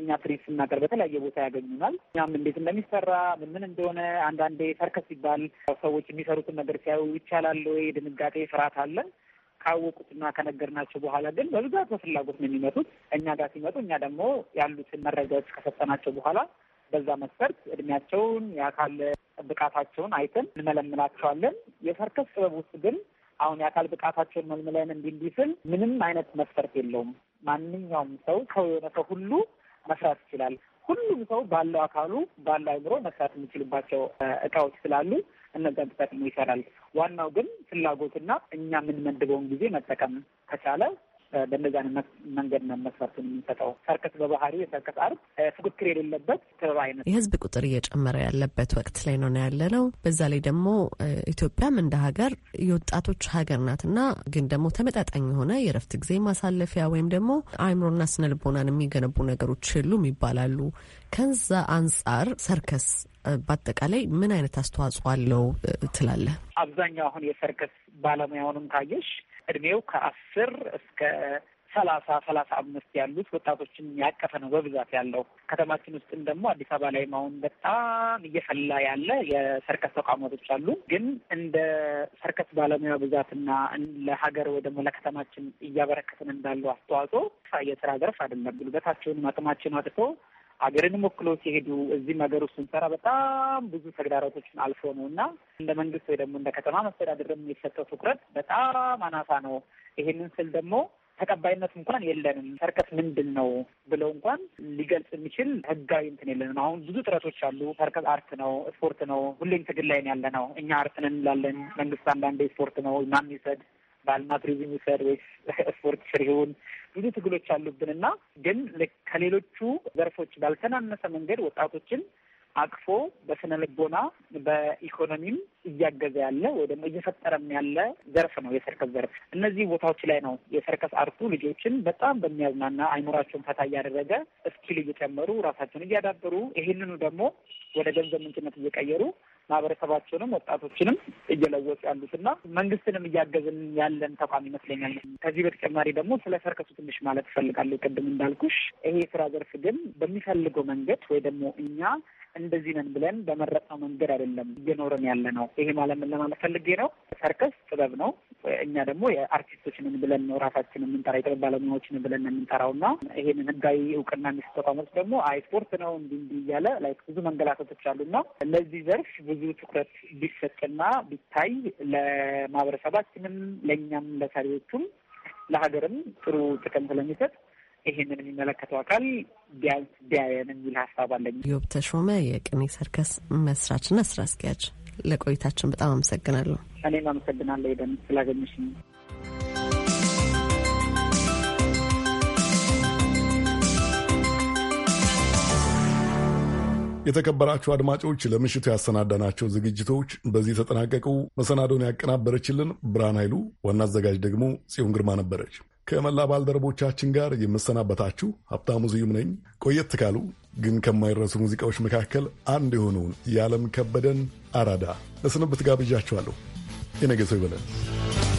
እኛ ትርኢት ስናቀር በተለያየ ቦታ ያገኙናል። እኛም እንዴት እንደሚሰራ ምን ምን እንደሆነ አንዳንዴ ሰርከስ ሲባል ሰዎች የሚሰሩትን ነገር ሲያዩ ይቻላል ወይ ድንጋጤ፣ ፍርሃት አለን። ካወቁትና ከነገርናቸው በኋላ ግን በብዛት በፍላጎት ነው የሚመጡት። እኛ ጋር ሲመጡ እኛ ደግሞ ያሉትን መረጃዎች ከሰጠናቸው በኋላ በዛ መስፈርት እድሜያቸውን፣ የአካል ብቃታቸውን አይተን እንመለምላቸዋለን። የሰርከስ ጥበብ ውስጥ ግን አሁን የአካል ብቃታቸውን መልምለን እንዲህ እንዲህ ስል ምንም አይነት መስፈርት የለውም። ማንኛውም ሰው ሰው የሆነ ሰው ሁሉ መስራት ይችላል። ሁሉም ሰው ባለው አካሉ ባለው አይምሮ መስራት የሚችልባቸው እቃዎች ስላሉ እነዛን ተጠቅሞ ይሰራል። ዋናው ግን ፍላጎትና እኛ የምንመድበውን ጊዜ መጠቀም ከቻለ በእነዚህ መንገድ ነው መስፈርቱን የምንሰጠው። ሰርከስ በባህሪ የሰርከስ አርት ፉክክር የሌለበት ጥበብ አይነት የህዝብ ቁጥር እየጨመረ ያለበት ወቅት ላይ ነው ያለ ነው። በዛ ላይ ደግሞ ኢትዮጵያም እንደ ሀገር የወጣቶች ሀገር ናትና ግን ደግሞ ተመጣጣኝ የሆነ የረፍት ጊዜ ማሳለፊያ ወይም ደግሞ አእምሮና ስነልቦናን የሚገነቡ ነገሮች የሉም ይባላሉ። ከዛ አንጻር ሰርከስ በአጠቃላይ ምን አይነት አስተዋጽኦ አለው ትላለህ? አብዛኛው አሁን የሰርከስ ባለሙያውንም ካየሽ እድሜው ከአስር እስከ ሰላሳ ሰላሳ አምስት ያሉት ወጣቶችን ያቀፈ ነው በብዛት ያለው። ከተማችን ውስጥም ደግሞ አዲስ አበባ ላይም አሁን በጣም እየፈላ ያለ የሰርከስ ተቋማቶች አሉ። ግን እንደ ሰርከስ ባለሙያ ብዛትና ለሀገር ወይ ደግሞ ለከተማችን እያበረከትን እንዳለው አስተዋጽኦ የስራ ዘርፍ አይደለም። ጉልበታቸውን አቅማችን አጥቶ አገርንም ወክሎ ሲሄዱ እዚህም ሀገር ውስጥ ስንሰራ በጣም ብዙ ተግዳሮቶችን አልፎ ነው እና እንደ መንግስት ወይ ደግሞ እንደ ከተማ መስተዳድር የሚሰጠው ትኩረት በጣም አናሳ ነው። ይሄንን ስል ደግሞ ተቀባይነት እንኳን የለንም። ሰርከስ ምንድን ነው ብለው እንኳን ሊገልጽ የሚችል ህጋዊ እንትን የለንም። አሁን ብዙ ጥረቶች አሉ። ሰርከስ አርት ነው፣ ስፖርት ነው። ሁሌም ትግል ላይ ያለ ነው። እኛ አርት ነን እንላለን። መንግስት አንዳንዴ ስፖርት ነው ማን ይውሰድ፣ ባህልና ቱሪዝም ይውሰድ ወይስ ስፖርት ፍሪውን ብዙ ትግሎች አሉብንና ግን ከሌሎቹ ዘርፎች ባልተናነሰ መንገድ ወጣቶችን አቅፎ በስነ ልቦና በኢኮኖሚም እያገዘ ያለ ወይ ደግሞ እየፈጠረም ያለ ዘርፍ ነው የሰርከስ ዘርፍ። እነዚህ ቦታዎች ላይ ነው የሰርከስ አርቱ ልጆችን በጣም በሚያዝናና አይምሯቸውን ፈታ እያደረገ እስኪል እየጨመሩ ራሳቸውን እያዳበሩ ይህንኑ ደግሞ ወደ ገንዘብ ምንጭነት እየቀየሩ ማህበረሰባቸውንም ወጣቶችንም እየለወጡ ያሉትና መንግስትንም እያገዝን ያለን ተቋም ይመስለኛል። ከዚህ በተጨማሪ ደግሞ ስለ ሰርከሱ ትንሽ ማለት እፈልጋለሁ። ቅድም እንዳልኩሽ ይሄ የስራ ዘርፍ ግን በሚፈልገው መንገድ ወይ ደግሞ እኛ እንደዚህ ነን ብለን በመረጠው መንገድ አይደለም እየኖረን ያለ ነው። ይሄ ማለት ምን ለማለት ፈልጌ ነው? ሰርከስ ጥበብ ነው። እኛ ደግሞ የአርቲስቶችንን ብለን ነው ራሳችን የምንጠራ የጥበብ ባለሙያዎችን ብለን የምንጠራው እና ይሄንን ህጋዊ እውቅና የሚሰጡ ተቋሞች ደግሞ አይ ስፖርት ነው እንዲህ እንዲህ እያለ ላይ ብዙ መንገላታቶች አሉና ለዚህ ዘርፍ ብዙ ትኩረት ቢሰጥና ቢታይ ለማህበረሰባችንም፣ ለእኛም፣ ለሰሪዎቹም፣ ለሀገርም ጥሩ ጥቅም ስለሚሰጥ ይህንን የሚመለከተው አካል ቢያንስ ቢያየን የሚል ሀሳብ አለኝ። ዮብ ተሾመ የቅኔ ሰርከስ መስራችና ስራ አስኪያጅ ለቆይታችን በጣም አመሰግናለሁ። እኔም አመሰግናለሁ ደን ስላገኘሽኝ። የተከበራችሁ አድማጮች ለምሽቱ ያሰናዳናቸው ዝግጅቶች በዚህ ተጠናቀቁ። መሰናዶን ያቀናበረችልን ብርሃን ኃይሉ፣ ዋና አዘጋጅ ደግሞ ጽዮን ግርማ ነበረች። ከመላ ባልደረቦቻችን ጋር የምሰናበታችሁ ሀብታሙ ዝዩም ነኝ። ቆየት ካሉ ግን ከማይረሱ ሙዚቃዎች መካከል አንድ የሆነውን የዓለም ከበደን አራዳ ለስንብት ጋብዣችኋለሁ። የነገ ሰው ይበለን።